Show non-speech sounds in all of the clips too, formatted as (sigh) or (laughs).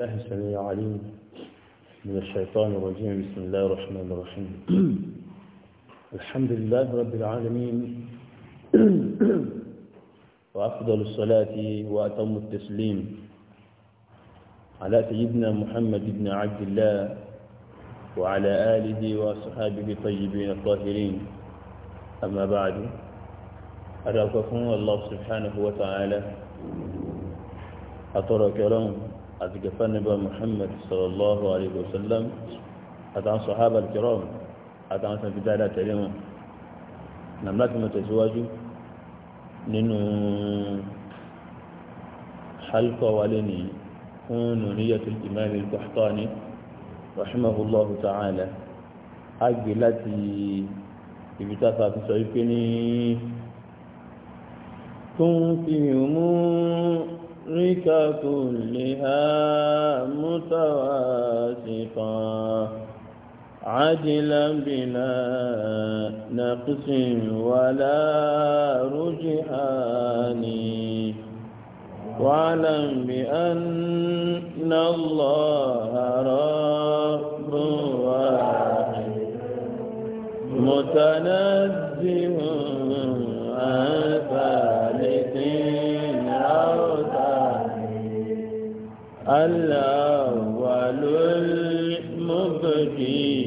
الله السميع العليم من الشيطان الرجيم بسم الله الرحمن الرحيم (clears throat) الحمد لله رب العالمين (clears throat) وأفضل الصلاة وأتم التسليم على سيدنا محمد بن عبد الله وعلى آله وأصحابه الطيبين الطاهرين أما بعد أرى الله سبحانه وتعالى أترك لهم àti kẹfà níbà muhammad sallallahu alayhi wa sallam àtàwọn sọ̀hábà kìrọ̀m àtàwọn sọ̀fi dáadáa tẹ̀lé wọn nàm láti mọ̀ tẹ̀síwájú nínú halkọ̀ wa lé ní fún nùníyàtul imam al-Qahtani rahimahullahu ta'ala agbe láti ibi tá a fi sọ wípé ní tó ń fi mú ذكرك كلها متواسقا عجلا بلا نقص ولا رجحان واعلم بأن الله رب واحد متنزه عن الأول المبدي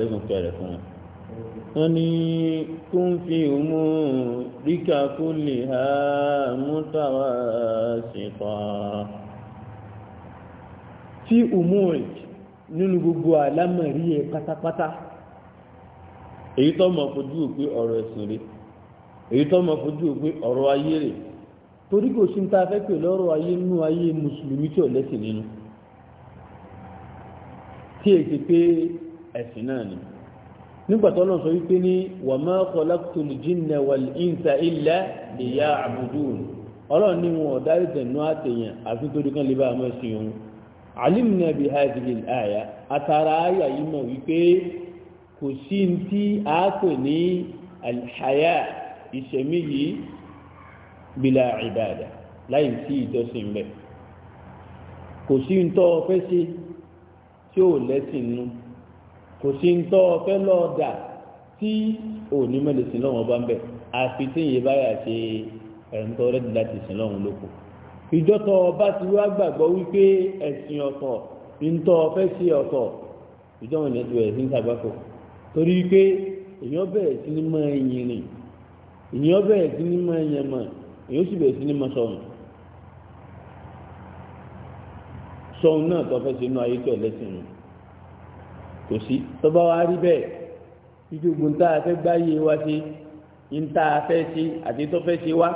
sàlékún kẹrẹ fún wọn. wọ́n ní kún fi mú ríkà kú lè ha mútàwá sípa. tí òmù rẹ̀ nínú gbogbo àlámọ̀rí ẹ̀ pátápátá èyí tó mọ̀ fojú òpin ọ̀rọ̀ ẹ̀sìn rẹ̀ èyí tó mọ̀ fojú òpin ọ̀rọ̀ ayé rẹ̀ torí kò sí ní ta fẹ́ pè lọ́rọ̀ ayé nínú ayé mùsùlùmí tí ò lẹ́sìn nínú tí èsì pé ẹ̀sìn náà ni nígbàtọ́ náà sọ wípé ní wà máa kọlákùtù jìnnà wà ìǹsà ilẹ̀ ìyá àbùdù ọlọ́run ní wọn ọ̀dá ìtẹ̀nú àtẹ̀yàn àfi torí kan lè bá àmọ́ sí òun alimna bi hadhihi al-aya atara aya yìí mọ̀ wípé kò sí ti a pè ní alhaya ìṣẹ̀mí yìí bila ibada láì sí ìjọsìn bẹ́ẹ̀ kò sí ń tọ́ ọ fẹ́ sí tí ó lẹ́sìn nù kò sí ń tọ́ ọfẹ́ lọ́ọ̀dà tí òní mẹ́lẹ̀ sí lọ́wọ́ bá ń bẹ̀ àfi tí ìyẹn báyà ṣe ẹ̀ǹtọ́ rẹ́dí láti sìn lọ́wọ́ lóko ìjọ́tọ̀ ọba ti wá gbàgbọ́ wípé ẹ̀sìn ọ̀tọ̀ ntọ́ ọfẹ́ sí ọ̀tọ̀ ìjọ́wọ̀n yẹn ti bẹ̀rẹ̀ sí ń sàgbákò torí pé èèyàn bẹ̀rẹ̀ sí ní máa ń rìn èèyàn bẹ̀rẹ̀ sí ní máa ń yẹn èèyàn sì bẹ̀rẹ̀ sí ní máa sọ̀rọ̀ sọ̀rọ̀ náà tó sínú ayé tó ẹlẹ́sìn rìn kò sí tó bá wá rí bẹ́ẹ̀ ìjọba ń a gbáyé wa ṣe ń tá a fẹ́ ṣe àti tó wá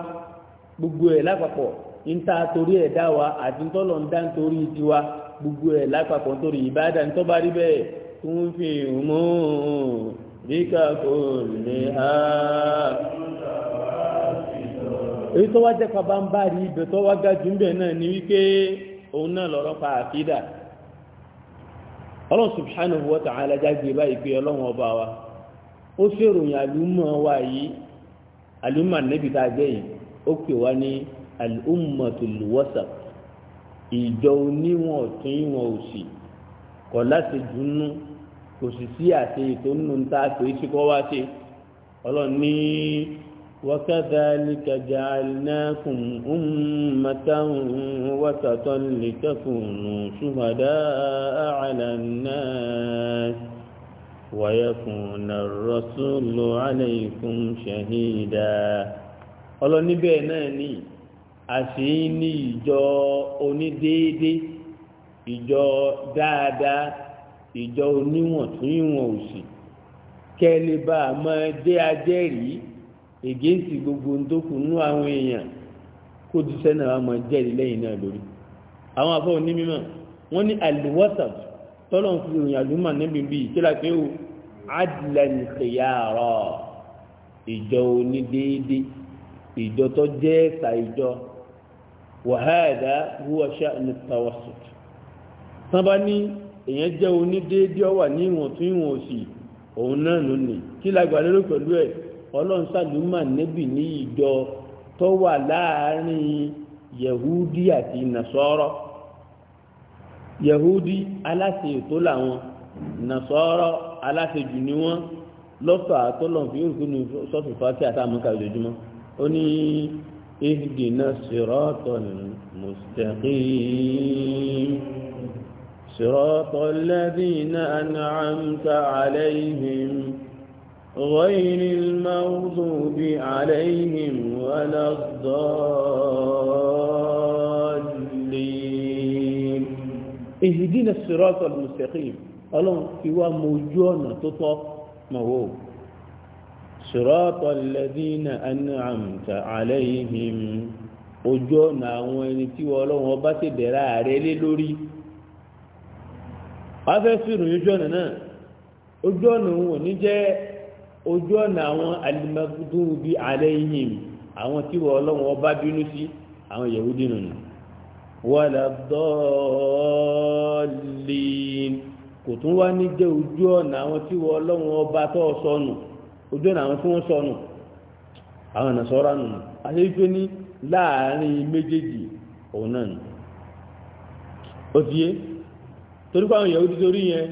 gbogbo ẹ̀ lápapọ̀ ń tá a torí ẹ̀ dá wa àti tọ́lọ̀ ń dá nítorí tiwa gbogbo ẹ̀ lápapọ̀ nítorí ìbáàdà ń bá rí bẹ́ẹ̀ tó fi mú ha. èyí tó wá jẹ́ ń bá rí ibẹ̀ tó wá ga jù ń bẹ̀ náà ni ọlọ́run subhanahu wa ta'ala jágbe báyìí pé ọlọ́run ọba wa ó ṣèròyìn àlùmọ̀ wa yìí àlùmọ̀ níbi tá a jẹ́ yìí ó pè wá ní al-ummatul wasat ìjọ oníwọ̀n ọ̀tún ìwọ̀n òsì kọ̀ láti dùnnú kò sì sí àti ètò nínú tá a pè tí kò wá ṣe ọlọ́run ní. وكذلك جعلناكم أمة وسطا لتكونوا شهداء على الناس ويكون الرسول عليكم شهيدا ọlọ́run níbẹ̀ náà ni àṣì ní ìjọ onídéédé ìjọ dáadáa ìjọ oníwọ̀ntúnìwọ̀n òsì kẹ́lẹ́bà máa dé ajẹ́rìí ègéèsì gbogbo ntókù nú àwọn èèyàn kó jíṣẹ́ náà wọ́n máa jẹ́rì lẹ́yìn náà lórí àwọn afọ́ onímọ̀ wọ́n ní àlùwọ́sà tọ́lọ̀ ń fi ìròyìn àlùmọ̀ níbi bíi kí lápẹ́ o adìlẹ̀nìkìyàrọ̀ ìjọ onídéédé ìjọ tó jẹ́ ẹ̀sà ìjọ wàhálà wúwọ́ṣà ní tawọ́sùt tán bá ní èèyàn jẹ́ onídéédé ọ̀wà ní ìwọ̀n tún ìwọ̀n òsì òun náà lónìí kí lágbàlérò pẹ̀lú ẹ̀ ọlọ́run sàlùmà nẹ́bì ní ìjọ tó wà láàrin yahudi àti nasọ́rọ́ yahudi aláṣẹ ètò làwọn nasọ́rọ́ aláṣẹ jù ní wọn lọ́fà àtọ́lọ́n fi yóò kúnnú sọ́fì fàtí àtàmúkà lójúmọ́ ó ní ìdìnnà sírọ́tọ̀ mùsùlùmí sírọ́tọ̀ lẹ́bí náà àlẹ́ ìhìn. غير المغضوب عليهم ولا الضالين اهدنا الصراط المستقيم ọlọ́run fi wá mọ ojú ọ̀nà tó tọ́ mọ̀wó ṣìrọ́tọ̀ lẹ́dínà anáàmùtà àlẹ́yìn ojú ọ̀nà àwọn ẹni tí ọlọ́run ọba ti bẹ̀rẹ̀ ààrẹ lé lórí wọ́n fẹ́ fìrùn ojú ọ̀nà náà ojú ọ̀nà òun ò ní jẹ́ ojú ọ̀nà àwọn alimẹ́dúnrúbí alẹ́ yìnyín àwọn tí wọ́n ọlọ́wọ́n ọba bínú sí àwọn yahudi nù wọ́n dọ́ọ̀lì kò tún wá ní jẹ́ ojú ọ̀nà àwọn tí wọ́n ọlọ́wọ́n ọba tó sọnù ojú ọ̀nà àwọn tí wọ́n sọnù àwọn nàṣọ́ra nù àti ní láàrin méjèèjì òun náà nù ó ti yé torí pé àwọn yahudi torí yẹn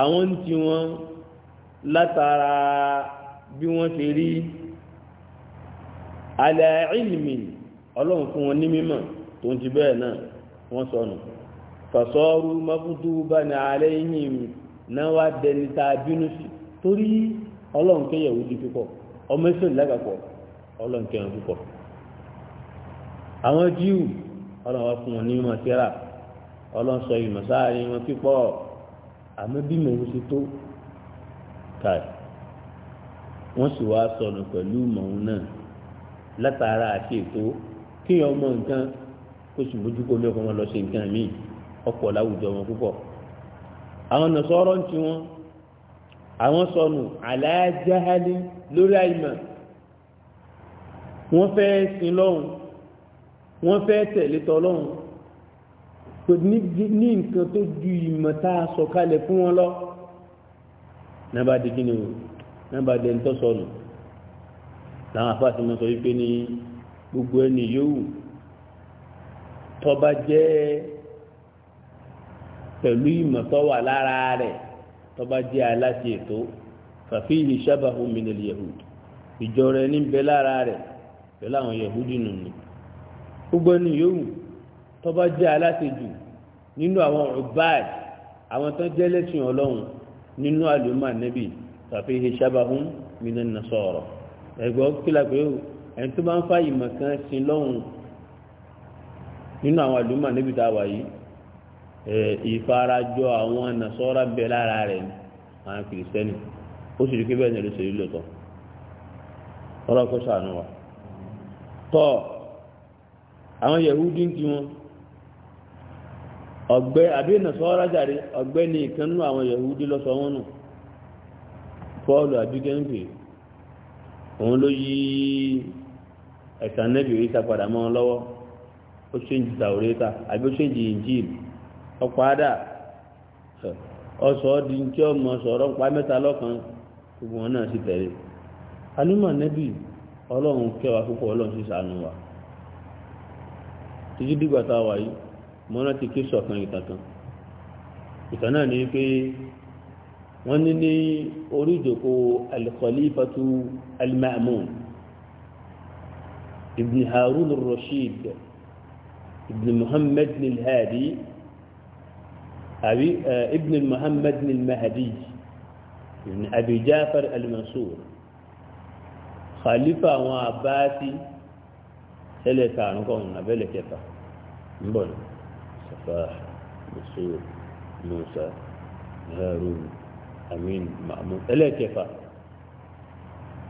àwọn ń ti látara bí wọ́n ṣe rí alẹ́ ìlìmì ọlọ́run fún wọn ní mímọ̀ tó ń ti bẹ́ẹ̀ náà wọ́n sọnù fàṣọ́rú bá ní alẹ́ yìnyín náà wá dẹni tá a bínú sí torí ọlọ́run kẹyẹ̀wò di púpọ̀ ọmọ ìṣòlì ọlọ́run kẹyẹ̀wò púpọ̀ àwọn jíù ọlọ́run káì wọ́n sì wá sọnù pẹ̀lú mọ̀ọ́n náà látara àti ètò kí ọmọ nǹkan kó sì mójú kó ní ọkọ wọn lọ ṣe nǹkan míì ọ̀pọ̀ láwùjọ wọn púpọ̀ àwọn nọ̀sọ́rọ́ ń ti wọn àwọn sọnù àlàájáhálí lórí àìmọ̀ wọ́n fẹ́ sin lọ́hùn wọ́n fẹ́ tẹ̀lé tọ́lọ́hùn ní nǹkan tó ju ìmọ̀ tá a sọ̀kalẹ̀ fún wọn lọ́wọ́ nàbà di kí ni o nàbà di ẹni tó sọnù làwọn afáàtì mọ sọ wípé ní gbogbo ẹni yòówù tọba jẹ pẹ̀lú ìmọ̀tọ́ wà lára rẹ̀ tọba jẹ aláṣẹ ètò fàfíìlì sábàhùn mìnìlì yahud ìjọ rẹ níbẹ̀ lára rẹ̀ pẹ̀lú àwọn yahudi nùnú gbogbo ẹni yòówù tọba jẹ aláṣẹ jù nínú àwọn ọ̀báàd àwọn tó jẹ́ lẹ́sìn ọlọ́run nínú àlùmọ́ ànẹ́bì tàbí ìṣàbàhún mìíràn nà sọ̀rọ̀ ẹ̀gbọ́n kílà pé ẹni tó bá ń fa ìmọ̀ kan sí lọ́hùn nínú àwọn àlùmọ́ ànẹ́bì tá a wà yìí ìfarajọ àwọn nà sọ́ra bẹ lára rẹ̀ ni àwọn kìrìsìtẹ́nì ó sì rí pé bẹ́ẹ̀ ni ló ṣe rí lọ́tọ̀ ọlọ́kọ̀ wa tọ́ àwọn yẹ̀húdí ti wọn ọgbẹ́ àbí nàṣọ́ra jàre ọ̀gbẹ́ni ìkan nínú àwọn yahudi lọ́sọ wọn nù paul abigẹ́ǹpì òun ló yí ẹ̀sán oríta padà mọ́ lọ́wọ́ ó ṣèǹjì sàwòrétà àbí ó ṣèǹjì injil ọ̀pọ̀ àdà ọ̀sọ̀ di tí ọmọ sọ̀rọ̀ pa mẹ́ta lọ́kan gbogbo wọn náà sì mo rántí kí sọ̀kan ìtàkàn ìtàn náà ni pé wọ́n ní ní orí ìjòkó alikọlífàtú alimamun ibn harun rashid ibn muhammad nilhadi àbí ibn muhammad nilmahadi ibn abi jafar almansur khalifa wọn abáàtì tẹ́lẹ̀ kàrún kọ́ọ̀nù abẹ́lẹ̀ kẹfà ń bọ̀ lọ. صفاح نصور موسى هارون أمين معمون ألا كيفا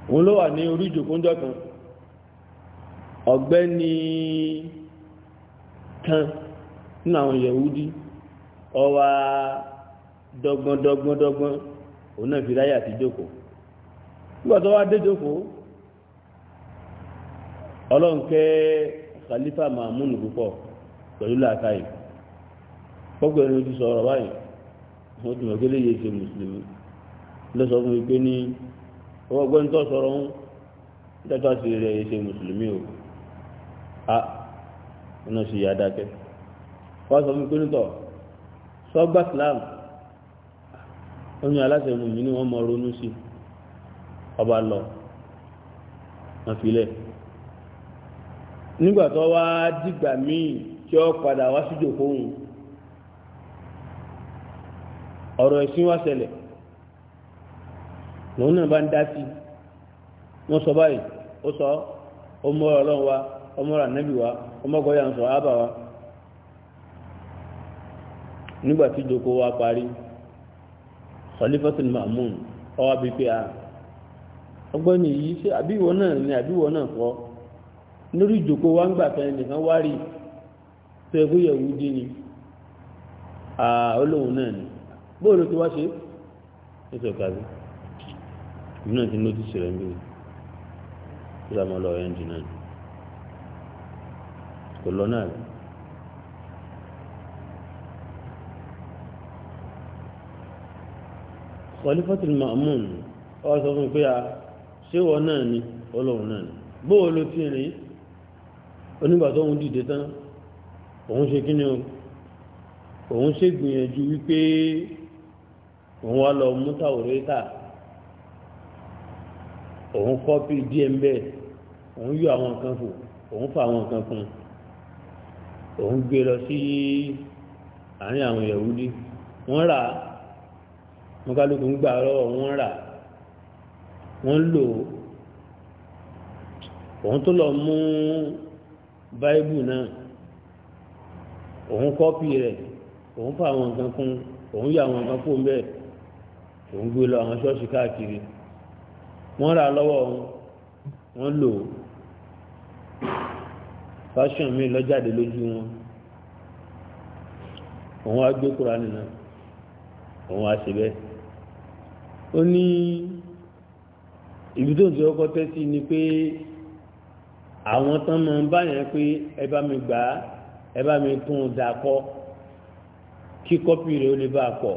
ولو أني أريد أن أكون ọ̀gbẹ́ni kan nínú àwọn yẹ̀wúdí ọwá dọ́gbọ́n dọ́gbọ́n dọ́gbọ́n òun náà fi ráyà ti jókòó nígbà ọlọ́nkẹ́ khalifa mahmoud púpọ̀ pẹ̀lú làákàyè pọ́pọ̀ ẹni ojú sọ̀rọ̀ báyìí wọ́n ti mọ̀ pé léyìí ṣe mùsùlùmí ló sọ fún mi pé ní ọwọ́ ọgbẹ́ni tó sọ̀rọ̀ ń dẹ́tọ́ sí rẹ̀ ṣe mùsùlùmí o a ọ̀nà sì yá dákẹ́ wọ́n sọ fún mi pé nítọ̀ sọ́gbà islam ó ní aláṣẹ mú mi ní wọ́n mọ ronú sí ọba lọ wọn filẹ̀ nígbà tó wá dìgbà míì tí ó padà wá síjò fóun ọ̀rọ̀ ẹ̀sìn wá ṣẹlẹ̀ lòun náà bá ń dá sí wọ́n sọ báyìí ó sọ ọmọ ọlọ́run wa ọmọ ànábì wa ọmọ ọgọ́yà ń sọ ábà wa nígbà tí ìjókòó wa parí khalifatul mahmoud ọwọ́ bíi pé a ọgbọ́n ni yìí ṣe àbíwọ náà ni àbíwọ náà kọ́ lórí ìjókòó wa ń gbà fẹ́ nìkan wá rí tó ẹgbẹ́ yẹ̀wù dín ni olóhùn náà ni bóòlù tí wọ́n ṣe é ṣe ọ̀kadì ìlú náà ti nótìsì rẹ̀ ń bí kí ló máa lọ ẹ́ńjì náà kò lọ náà rẹ̀. ni, mahmoud ọ sọ fún mi pé a ṣé wọn náà ni ọlọ́run náà ni bóòlù tí rìn onígbà tó ń dìde tán òun ṣe kí ni o òun ṣègbìyànjú wípé wọn lọ mú tàwòrẹ́tà òun kọ́pì díẹ̀ ń bẹ́ẹ̀ òun yọ àwọn kan fò òun fa àwọn kan fún òun gbé lọ sí àárín àwọn yahudi wọ́n rà wọn kálukú ń gbà lọ́wọ́ wọ́n rà wọ́n lò òun tó lọ mú báíbù náà òun kọ́pì rẹ̀ òun fa àwọn kan fún òun yọ àwọn kan fò ń bẹ́ẹ̀ òun gbé lọ àwọn ṣọ́ọ̀ṣì káàkiri wọ́n rà lọ́wọ́ òun wọ́n lò ó fashion mi lọ́jáde lójú wọn òun á gbé kúra nìyẹn òun á ṣe bẹ́ẹ̀ ó ní ibi tó ń ti ọkọ tẹ́sí ni pé àwọn tán máa ń báyẹn pé ẹ bá mi gbà á ẹ bá mi tún un dà kọ kí kọ́pì rẹ̀ ó lè bá a pọ̀.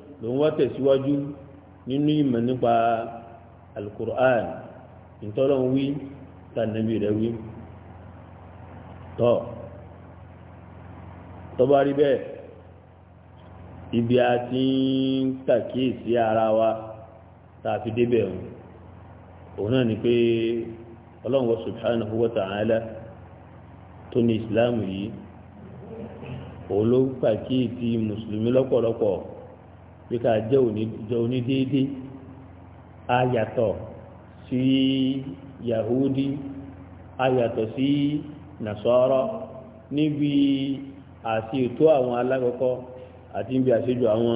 lòun wá tẹ̀síwájú nínú ìmọ̀ nípa alukur'an ìtọ́lọ́n wí tànàbí rẹ̀ wí tọ́ rí bẹ́ẹ̀ ibi a ti ń kàkíyèsí ara wa tá fi débẹ̀ òun òun náà ni pé ọlọ́run subhanahu wa ta'ala tó ní ìsìláàmù yìí òun ló mùsùlùmí lọ́pọ̀lọpọ̀ bí ká jẹ́ onídéédé ayàtọ̀ sí yahudi ayàtọ̀ sí nasọ́rọ́ níbi àti ètò àwọn alákọ̀ọ́kọ́ àti níbi àṣejù àwọn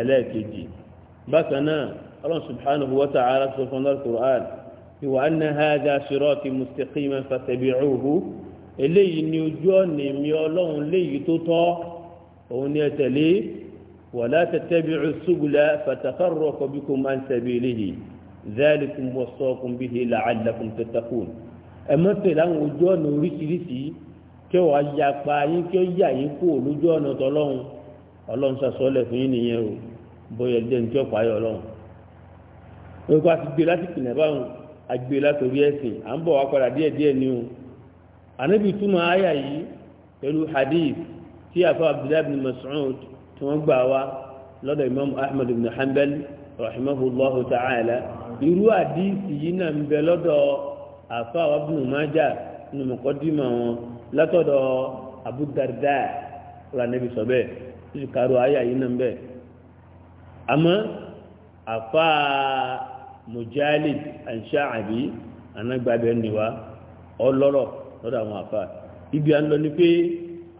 ẹlẹ́ẹ̀kejì bákan náà ọlọ́run subhanahu wa ta'ala sọ fún ọlọ́run quran ìwà anna hada sirọ́ọ̀tì mustaqima fatabi'uhu eléyìí ni ojú ọ̀nà èmi ọlọ́run léyìí tó tọ́ òun ni ẹ tẹ̀lé ولا تتبعوا السبل فتفرق بكم عن سبيله ذلكم وصاكم به لعلكم تتقون ẹmọ tẹlẹ àwọn ojú ọ̀nà oríṣiríṣi kí wàá ya pa yín kí ó yà yín kú lójú ọ̀nà tọlọ́hún ọlọ́run sọ̀sọ́lẹ̀ fún yín nìyẹn o bóyá ẹ̀jẹ̀ ní tí ọ̀pá yọ ọlọ́run. orúkọ àti gbé láti pìlẹ̀ báwọn àgbé látòrí ẹ̀sìn à ń bọ̀ wá padà díẹ̀díẹ̀ ni o. ànábì túmọ̀ àyà yìí pẹ̀lú hadith tí àfa abdullahi bin masoud tí wọ́n gbà wá lọ́dọ̀ imam ahmed ibn hanbal rahimahullahu ta'ala irú àdíìsì yìí náà ń bẹ lọ́dọ̀ àfa ibn maja nínú mọ̀kọ́dìmọ̀ wọn látọ̀dọ̀ abu darda rà níbi sọ bẹ́ẹ̀ títí karo ayé yìí náà ń bẹ àmọ́ àfa mujalid anṣaabi anagbabẹ niwa ọlọ́rọ̀ lọ́dọ̀ àwọn àfa ibi à ń lọ ni pé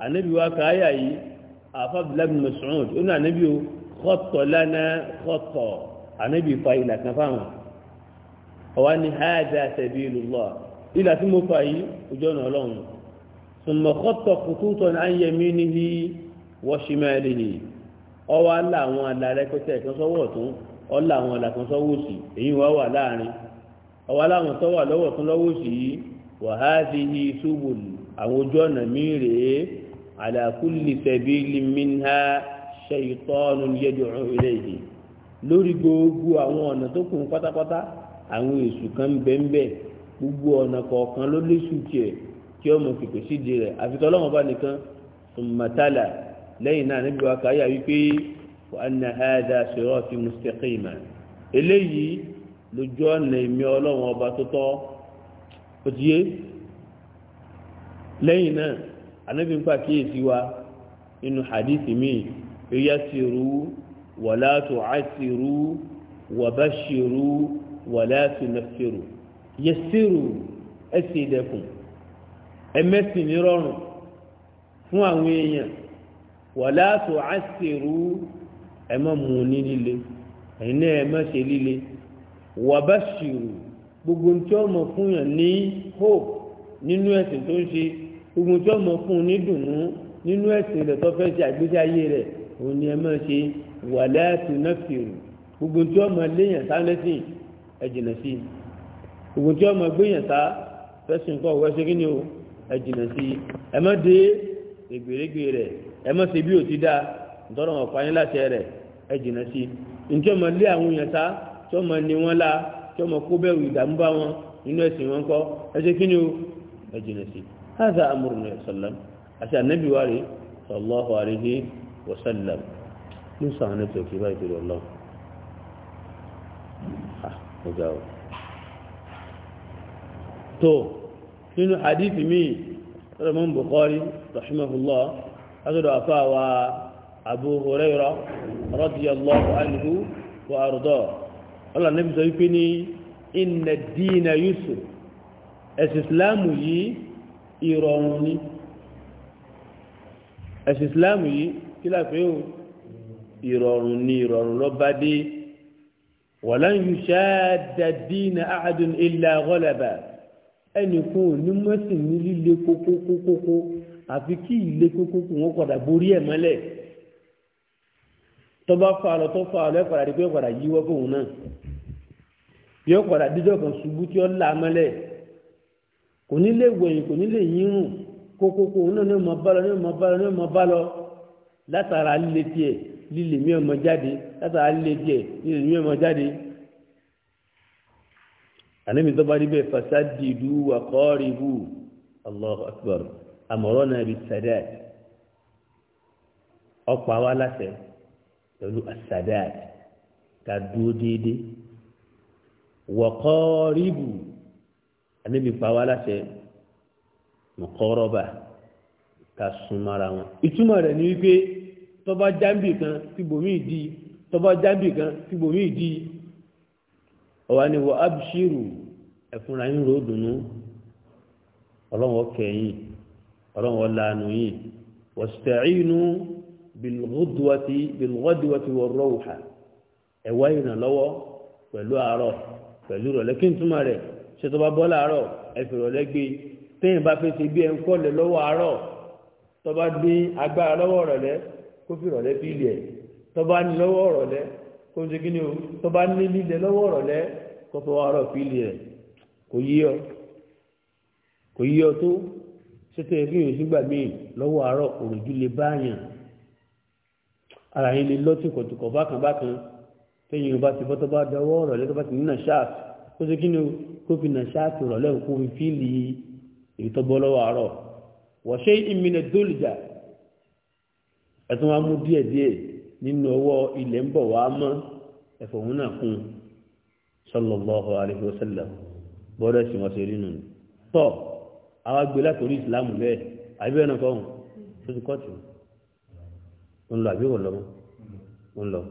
ànábi wa kàáyà yìí àfàbùlábì mùsùlùmí ó ní ànábì ó kọ́tọ̀ lánàá kọ́tọ̀ ànábì fa ìlà kan fáwọn ọ̀wá ní háàdà àtẹ̀bí ìlú lọ ìlà tí mo fà yìí ojú ọ̀nà ọlọ́run sùnmọ̀ kọ́tọ̀ kùtùtọ̀ ní ayẹmí níhi wọ́ṣímẹ́lì ni ọwọ́ alá àwọn àlà rẹpẹtẹ kan sọ́wọ́ ọ̀tún ọlá àwọn àlà kan sọ́wọ́ òsì èyí wá wà láàrin ọwọ́ aláwọn tó wà lọ́wọ́ ọ̀tún lọ́wọ́ òsì yìí wàhálì yìí ṣubùlù àwọn ojú ọ̀nà mí rèé على كل سبيل منها شيطان يدعو إليه lórí gbogbo àwọn ọ̀nà tó kún pátápátá àwọn èṣù kan ń bẹ́ ń bẹ́ gbogbo ọ̀nà kọ̀ọ̀kan ló léṣù tiẹ̀ tí ọmọ pèpè sídìí rẹ̀ àfitọ́ ọlọ́wọ́n bá nìkan sùmọ̀tálà lẹ́yìn náà níbi wa káyà wípé wàhánà àádá ṣòro fi mùsítẹ́kìmà eléyìí lójú ọ̀nà ìmí ọlọ́wọ́n ọba tó tọ́ ó ti yé lẹ́yìn náà anábì ń pàkíyèsí wa nínú hadithi míì yíyá sí rú wàlá tó á sí rú wàbá sí rú wàlá tó nà sí rú yẹ sí rú ẹ sì dẹkùn fún àwọn èèyàn wàlá tó á sí rú ẹ má mú ní gbogbo ntí fún yàn ní hope nínú ẹ̀sìn tó ń ṣe. ogun tí ọmọ fún un ní dùnú nínú ẹ̀sìn rẹ̀ tó fẹ́ ṣe ayé rẹ̀ òun ni ẹ máa ṣe wàlẹ́ àti nọ́ọ̀sìrì ogun tí ọmọ léèyàn sá lẹ́sìn ẹ̀jìnà sí ogun tí ọmọ gbéyàn sá fẹ́sìn kọ́ o sí ẹ má dé ti sí ntí ọmọ lé àwọn èèyàn sá tí ni wọn la tí ọmọ kó bẹ́ẹ̀ ìdààmú هذا أمر النبي صلى الله عليه وسلم عشان النبي واري صلى الله عليه وسلم من صار نبته في بيت الله مجاوب تو nínú hadithi mi rẹ̀mọ́n bukhari rahimahullah azọ́dọ̀ afá wa abu huraira radiyallahu anhu wa ardọ́ ọlá níbi sọ wípé ní inna dina yusuf ẹ̀sì islamu yìí ìrọ̀rùn ni ẹ̀sìn islam yìí kí láàfin o ìrọ̀rùn ni ìrọ̀rùn lọ bá dé wọ̀lán yìí ṣáàdàdì na àádùn ilẹ̀ ọ̀gọ́lẹ̀bà ẹnìkan ò ní mọ́sìn ní líle kókókókókó àfi kí ìle kókókó wọn padà borí ẹ̀ mọ́lẹ̀ tọ́ba fa tó fa ẹ̀ padà rí pé ẹ̀ padà yíwọ́ fóun náà yóò padà dídọ̀ ṣubú tí ó là mọ́lẹ̀. kò ní lè kò ní yírùn kókókó náà ní ọmọ bá ní ọmọ bá ní ọmọ bá látara líle tiẹ̀ líle mí ọmọ jáde látara líle líle ọmọ jáde. tó bá bẹ́ẹ̀ allahu akbar àmọ̀rọ̀ náà bí àníbi pa wá láṣẹ mọ̀kọ́rọ́bà ká súnmọ́ra wọn. ìtumọ̀ rẹ̀ ni wípé tọ́ba jáǹbì kan fìbòmíì di tọ́ba jáǹbì kan fìbòmíì di ọ̀wá ni wọ́n abṣírù ẹ̀fúnra yín rò dùnú ọlọ́wọ́ kẹyìn ọlọ́wọ́ lànà yìí wọ́n sẹ̀rínú bilgọdùwàtì bilgọdùwàtì wọ rọwùhà ẹ̀wá ìrànlọ́wọ́ pẹ̀lú àárọ̀ pẹ̀lú rọ̀lẹ́kí ntúmọ̀ rẹ̀ ṣètò bá bọ́ làárọ̀ ẹ̀fẹ̀rọ̀ lẹ́gbẹ́ téèyàn bá fẹ́ ṣe bí ẹ̀ ń kọ́lẹ̀ lọ́wọ́ àárọ̀ tọ́ba dín agbára lọ́wọ́ ọ̀rọ̀lẹ́ kó fi rọ̀lẹ́ fi ilẹ̀ tọ́ba ní lọ́wọ́ ọ̀rọ̀lẹ́ kó ṣe kíni o tọ́ba ní lílẹ̀ lọ́wọ́ ọ̀rọ̀lẹ́ kó fọwọ́ àárọ̀ fi ilẹ̀ kò yí ọ kò yí ọ tó ṣètò ẹ̀fí yòó sígbà míì lọ́wọ́ àárọ̀ òròjú lè báyàn ara yẹn lè lọ́tìkọ̀tìkọ̀ bákan bákan téèyàn bá ti bọ́ tọ́ba dọwọ́ ọ̀rọ̀lẹ́ tọ́ba ti ní nàṣáàtì kó ṣe kí ni kó fi nà ṣáàtì rọ̀ lẹ́yìn kó fi fíìlì ìtọ́gbọ́ lọ́wọ́ àárọ̀ wọ́n ṣe ìmìnà dólìjà ẹ̀tún wa mú díẹ̀ díẹ̀ nínú ọwọ́ ilẹ̀ ń bọ̀ wá mọ́ ẹ̀fọ̀ òun náà kún sọlọ́lọ́hùn àríwá sẹ́lẹ̀ bọ́dọ̀ sì ṣe rí nù tọ́ àwọn agbélé àtòrí ìsìlámù bẹ́ẹ̀ àbí ẹ̀nà kọ́hún tó ti kọ́ọ̀tù ń lọ àbí wọ̀ lọ́mọ́ ń lọ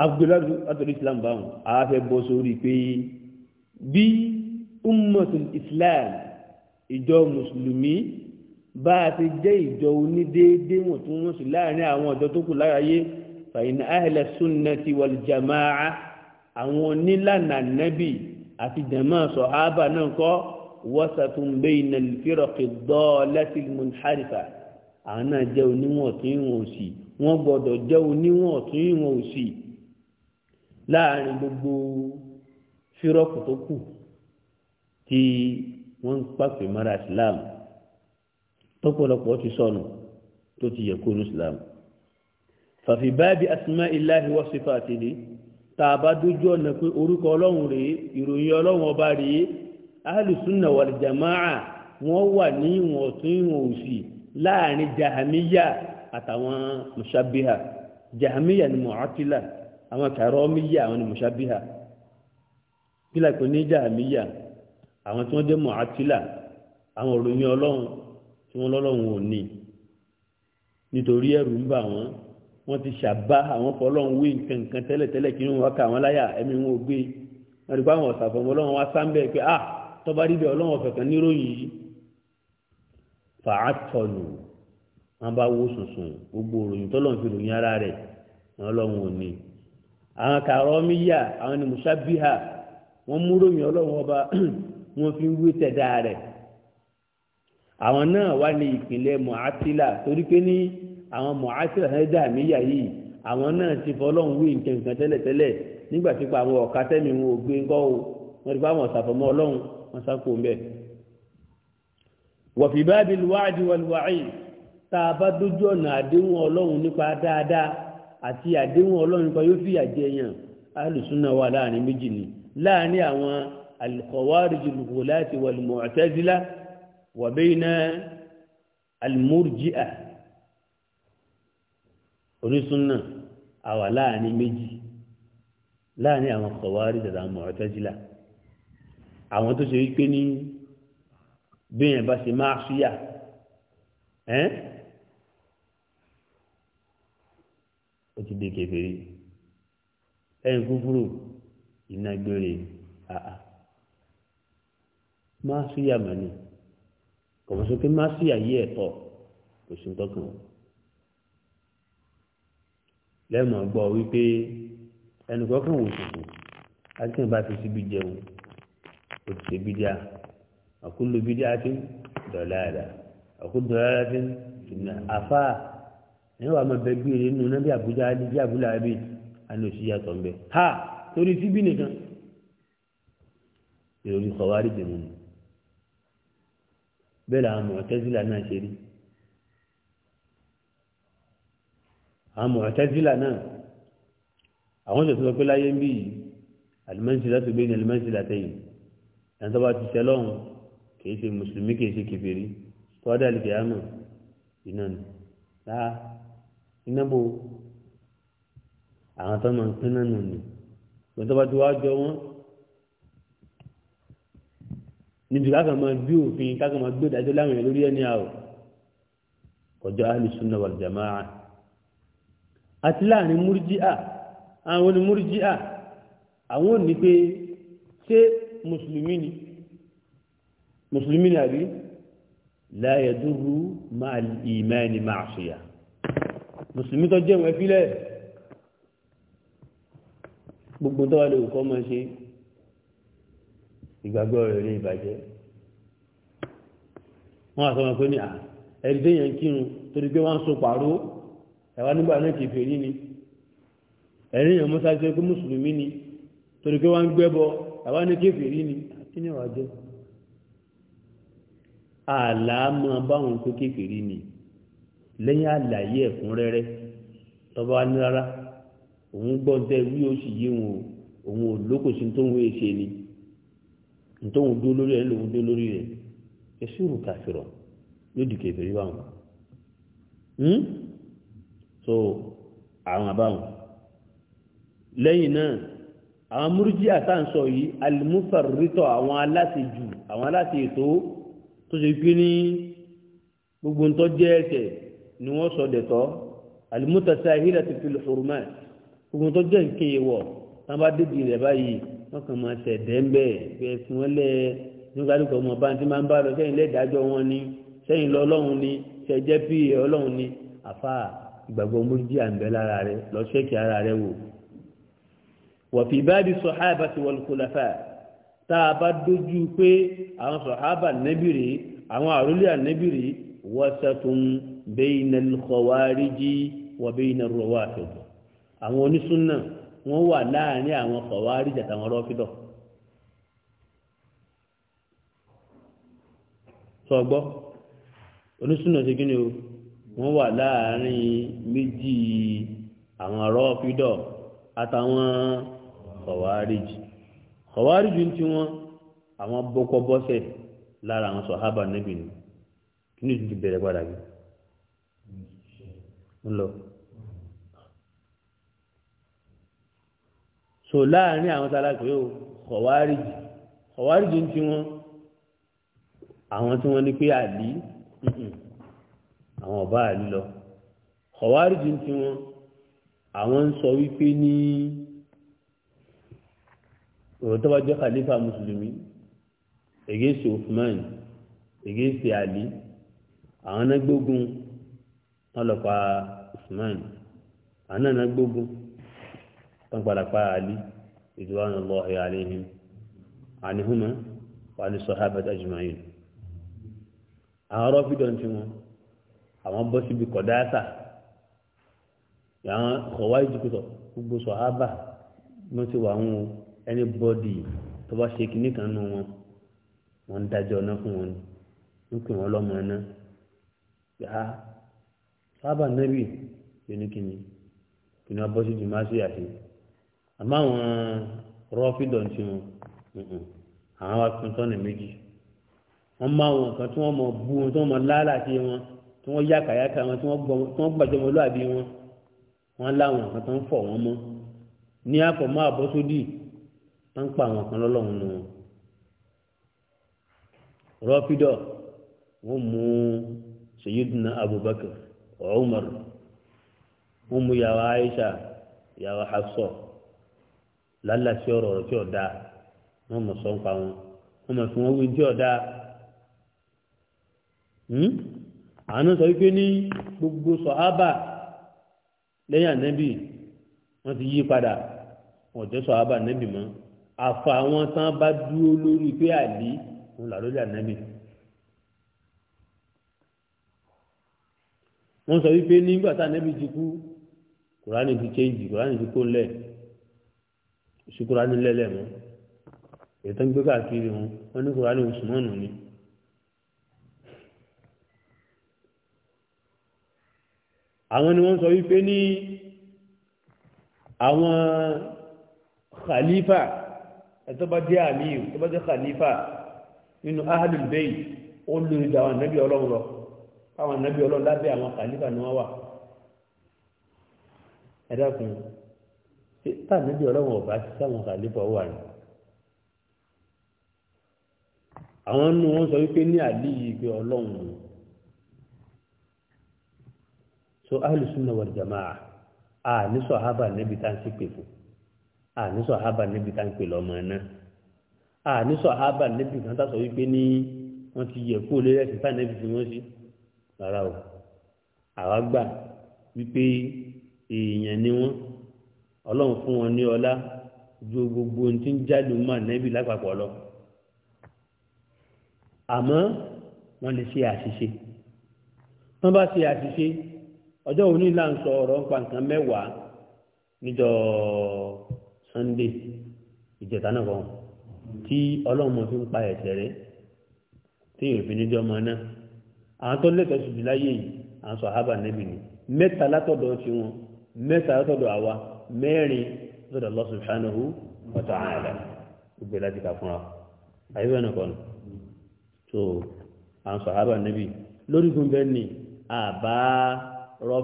abdullahi adúlé islam bá wọn a fẹ́ bọ́ sórí pé bí ummatul islam ìjọ mùsùlùmí bá a ti jẹ́ ìjọ onídéédé wọn tó wọ́n sì láàrin àwọn ọ̀dọ́ tó kù láyé fàyínà ahìlẹ̀ sunnati wàl jamaa àwọn onílànà nẹ́bì àti jama sọ̀hábà náà kọ́ wọ́sàtún bẹ́yìn alfírọ̀kì dọ́ọ̀lẹ́tì mùnhàrífà àwọn náà jẹ́ oníwọ̀n tún ìwọ̀n òsì wọ́n gbọ́dọ̀ jẹ́ oníwọ̀n tún ìwọ̀n òsì láàrin gbogbo fírọ́pù tó kù tí wọ́n ń pàpè mọ́ra islam tọ́pọ̀lọpọ̀ ti sọnù tó ti yẹ kónú islam fàfi báàbí asúmá ìláhi wọ́n sífà àtìlí tá a bá dójú ọ̀nà pé orúkọ ọlọ́run rèé ìròyìn ọlọ́run ọba rèé alùsùnà wàlìjàmáà wọ́n wà ní ìwọ̀n tún ìwọ̀n òsì láàrin jahamiya àtàwọn mùsàbíhà jahamiya ni mọ̀ọ́tìlá àwọn kàrọ́míyà àwọn ni mùsàbíhà pílàpẹ̀ níjà àmíyà àwọn tí wọ́n jẹ́ mọ̀átìlà àwọn òròyìn ọlọ́run tí wọ́n lọ́lọ́run ò ní nítorí ẹ̀rù ń bà wọ́n wọ́n ti ṣàbá àwọn fọlọ́run wí nǹkan nǹkan tẹ́lẹ̀tẹ́lẹ̀ kí wọ́n ká àwọn láyà ẹ̀mí wọn ò gbé wọ́n ti bá àwọn ọ̀sàfọ̀mọ́ ọlọ́run wá sáńbẹ̀ pé ah tọ́ba dídẹ̀ ọlọ́run ọ̀fẹ̀ kan níròyìn yìí fàátọ̀nù wọ́n bá wó sùnsùn gbogbo òròyìn tọ́lọ́run fi ròyìn ara rẹ̀ wọ́n lọ́run ò ní àwọn kàrọ́míyà àwọn ni mùsàbíhà wọ́n múròyìn ọlọ́run ọba (clears throat) wọ́n fi ń wé tẹ̀dá rẹ̀ àwọn náà wá ní ìpínlẹ̀ mọ̀átìlà torí pé ní àwọn mọ̀átìlà náà dà míyà yìí àwọn náà ti fọlọ́run wí nǹkan nǹkan tẹ́lẹ̀tẹ́lẹ̀ nígbà tí pa àwọn ọ̀ka tẹ́mi wọn ò gbé ńkọ́ o wọ́n ti pa àwọn ọ̀sàfọ̀mọ́ ọlọ́run wọ́n sá kó mbẹ́. wọ̀fì bábí wáàdì wọ̀lúwàáyì tá a bá dójú ọ̀nà àdéhùn ọlọ́run nípa dáadáa àti àdéhùn ọlọ́run kan yóò fìyà jẹ yàn alùsùnà wà láàrin méjì ni láàrin àwọn alùkọ̀wárìjì lùkù láti wàlùmọ̀ àtẹ́sílá wàbẹ́yìnà almurji'a onísùnà àwà láàrin méjì láàrin àwọn kọ̀wárìjì àtàwọn mọ̀ àtẹ́sílá àwọn tó ṣe wípé ní bí bá ṣe máa ṣíyà ẹ́ ó ti di kẹfẹ́rí ẹ̀yìn kúkúrú ìnagbére àà máa síyà mọ́ni kọ̀mọ̀sọ pé máa síyà yí ẹ̀tọ́ kò sí tọkàn lẹ́mọ̀ gbọ́ wípé ẹnì kọ́kàn wò sùkù akíkan bá fi síbi jẹun ó ti ṣe bídíà àkúlù bídíà ti ń dọ̀láàdà àkúlù dọ̀láàdà ti ń tìǹà àfáà ẹ̀yìn wàá máa bẹ gbére nínú náà bí àbújá bí àbúlà bí àná òsì yàtọ̀ ńbẹ ha torí síbí nìkan ìròyìn kọ̀wárí dèmù ni bẹ́ẹ̀ làwọn mọ̀tẹ́sílà náà ṣe rí àwọn mọ̀tẹ́sílà náà àwọn ṣètò sọ pé láyé ń bí yìí alimẹ́sílà tó gbé ní alimẹ́sílà tẹ́yìn ẹ̀ńtọ́ bá ti ṣẹlọ́hún kìí ṣe mùsùlùmí kìí ṣe kìfèrí tọ́dà kìí àmọ̀ iná láà iná bò àwọn tó máa ń pín náà nù ní gbọ́dọ̀ tí wàá jọ wọ́n níbi káàkiri máa gbé òfin káàkiri máa gbé ìdájọ́ láwọn èèyàn lórí ẹni àwọ̀ kọjọ́ alìsúná wà jàmáà àti láàrin múrjíà àwọn ni múrjíà àwọn ò pé ṣé mùsùlùmí ni mùsùlùmí ni àbí láyé dúró máa ìmẹ́ni máa ṣùyà mùsùlùmí tó jẹ́ wọn fílẹ̀ gbogbo tó wà lè kọ́ mọ́ ṣe ìgbàgbọ́ rẹ̀ lè bàjẹ́ wọ́n àtọ́mọ̀ pé ní à ẹ̀rìdẹ́ yẹn kírun torí pé wọ́n ń so pàró ẹ̀wà nígbà náà kìí fèrí ni ẹ̀rí yẹn mọ́sá jẹ́ pé mùsùlùmí ni torí pé wọ́n ń gbẹ́bọ ẹ̀wà ní kìí fèrí ni kí ni ọ̀rọ̀ jẹ́ àlàámọ̀ báwọn tó kékeré ni lẹ́yìn àlàyé ẹ̀kúnrẹ́rẹ́ tọ́ba wa ní rárá òun gbọ́ dẹ́ wí ó sì yé wọn o òun ò lókòsí tó ń wé ṣe ni ntòun dó lórí ẹ̀ lòun dó lórí rẹ̀ ẹ̀sùrù kàfìrọ̀ yóò dìkẹ̀ ìbẹ̀rẹ̀ wà wọn. Hmm? so àwọn àbáwọn lẹ́yìn náà àwọn múrújí àtàǹsọ yìí alimufarritọ àwọn aláṣejù àwọn aláṣejù tó tó ṣe pín ní gbogbo ntọ́jẹ́ ẹ̀ṣẹ̀ ni wọ́n sọ dẹ̀tọ́ alimutasa ahila ti fi lùfùrùmá ogun tó jẹ́ nǹkan ìwọ̀ wọ́n bá débi rẹ̀ báyìí wọ́n kàn máa tẹ̀dẹ́ ń bẹ́ẹ̀ pé ẹ̀sìn wọn lẹ́ nígbàdúgbò ọmọ bá ń ti máa ń bá lọ sẹ́yìn lẹ́ẹ̀dájọ́ wọn ni sẹ́yìn lọ ọlọ́run ni sẹ́jẹ́ pí ọlọ́run ni àfa ìgbàgbọ́ mọ́jí àǹbẹ́ lára rẹ lọ ṣẹ́kì ara rẹ wò. wọ̀fì báàbí sọ̀háàbà ti wọlé kólafà tá a bá dójú pé àwọn sọ̀háàbà bẹ́ẹ̀nà kọ̀wárìjì wà bẹ́ẹ̀nà rọ̀wáfẹ́dù àwọn onísúnà wọ́n wà láàrin àwọn kọ̀wárìjì àtàwọn rọ́fídọ̀ sọgbọ́ onísúnà ṣe kí ni o wọ́n wà láàrin méjì àwọn rọ́fídọ̀ àtàwọn kọ̀wárìjì kọ̀wárìjì ti wọ́n àwọn bọ́kọ́ bọ́sẹ̀ lára àwọn sọ̀hábà níbi ni ìtúntì bẹ̀rẹ̀ padà bíi ńlọ. so láàrin àwọn tálákà yóò kọ̀wárìjì kọ̀wárìjì ń ti wọn àwọn tí wọ́n ní pé àlí àwọn ọba àlí lọ kọ̀wárìjì ń ti wọn àwọn ń sọ wípé ní òótọ́ bá jẹ́ khalifa mùsùlùmí ègé sí ofuman ègé àwọn náà wọn lọ pa usman àná náà gbógun ali ìdúwàna lọ́ọ̀hẹ́ àlẹ́hìn àníhùnmá wà ní sọ́hábẹ́t ajumayin àwọn rọ́fídọ̀ tí wọn àwọn bọ́ síbi kọ̀dáàtà àwọn kọ̀wáyé jùkútọ̀ gbogbo sọ̀hábà wọ́n ti wà wọn ẹni bọ́dì tó bá ṣe kìíní kan nù wọn wọn ń dájọ́ náà fún wọn ní pè wọ́n lọ́mọ náà sábà nẹ́bì kìnnìkìnnì kìnnì abọ́sí jù máa sí àti àmọ́ àwọn rọ́fídọ̀ tí wọn àwọn wa tún tọ́nà méjì wọ́n má wọn kan tí wọ́n mọ bú wọn tí wọ́n mọ lálàtí wọn tí wọ́n yàkàyàkà wọn tí wọ́n gbàjọmọ lóàbí wọn wọ́n láwọn kan tó ń fọ̀ wọ́n mọ́ ní àfọ̀mọ́ àbọ́sódì tó ń pa àwọn kan lọ́lọ́run nù wọn rọ́fídọ̀ wọ́n mú sèyídùnà abubakar umar umu yàwá aisha yàwá hafsọ lálàsí ọrọ ọrọ tí ọdá wọn mọ sọ nípa wọn wọn mọ fún wọn wí tí ọdá hmm? àánú sọ wípé ní gbogbo sọhábà lẹyìn ànẹbì wọn ti yí padà wọn jẹ sọhábà ànẹbì mọ àfà àwọn tán bá dúró lórí pé àlè wọn là lórí ànẹbì. wọ́n sọ wípé nígbà tá nẹ́bí ti kú kùránì ti chéǹjì kùránì ti kó lẹ̀ ṣù kùránì lẹ́lẹ̀ mọ́ ètò ń gbé káàkiri wọn wọ́n ní kùránì oṣù mọ́nù ni. àwọn ni wọ́n sọ wípé ní àwọn khalifa ẹ̀tọ́ bá jẹ́ àmì ìtọ́ bá jẹ́ khalifa nínú ahadul bẹ́ẹ̀ ó lórí dáwọn nẹ́bí ọlọ́run lọ fáwọn anábì ọlọ́run lábẹ́ àwọn kàlífà ni wọ́n wà ẹ dákun tá anábì ọlọ́run ọ̀bá ti sáwọn kàlífà wà ní. àwọn nínú wọn sọ wípé ní àlíyí pé ọlọ́run so ahlùsùn náà wà jàmáà àní sọ̀hábà níbi tá à ń sì pè fún àní sọ̀hábà níbi tá à ń pè lọ́mọ náà àní sọ̀hábà níbi kan tá sọ wípé ní wọ́n ti yẹ kó lé ẹ̀sìn tá à ń fi wọ́n sí rárá o àwa gbà wípé èèyàn ni wọn ọlọ́run fún wọn ní ọlá ju gbogbo ohun tí ń jáde mọ́ nẹ́bí lápapọ̀ lọ àmọ́ wọ́n lè ṣe àṣìṣe wọ́n bá ṣe àṣìṣe ọjọ́ òní là ń sọ ọ̀rọ̀ ń pa nǹkan mẹ́wàá níjọ sunday ìjẹta náà kọ́ tí ọlọ́run fi ń pa ẹ̀sẹ̀ rẹ tí èèyàn fi níjọ́ ọmọ náà àwọn tó lẹ́tọ̀ọ́ sí jù láyé yìí àwọn sọ àhábà nẹ́bì ni mẹ́ta látọ̀dọ̀ ti wọn mẹ́ta látọ̀dọ̀ àwa mẹ́rin lọ́dọ̀ lọ́sùn ṣánáhù ọ̀tọ̀ àwọn àlà gbogbo láti kà fún wa àyẹ̀wò ẹ̀nà kan so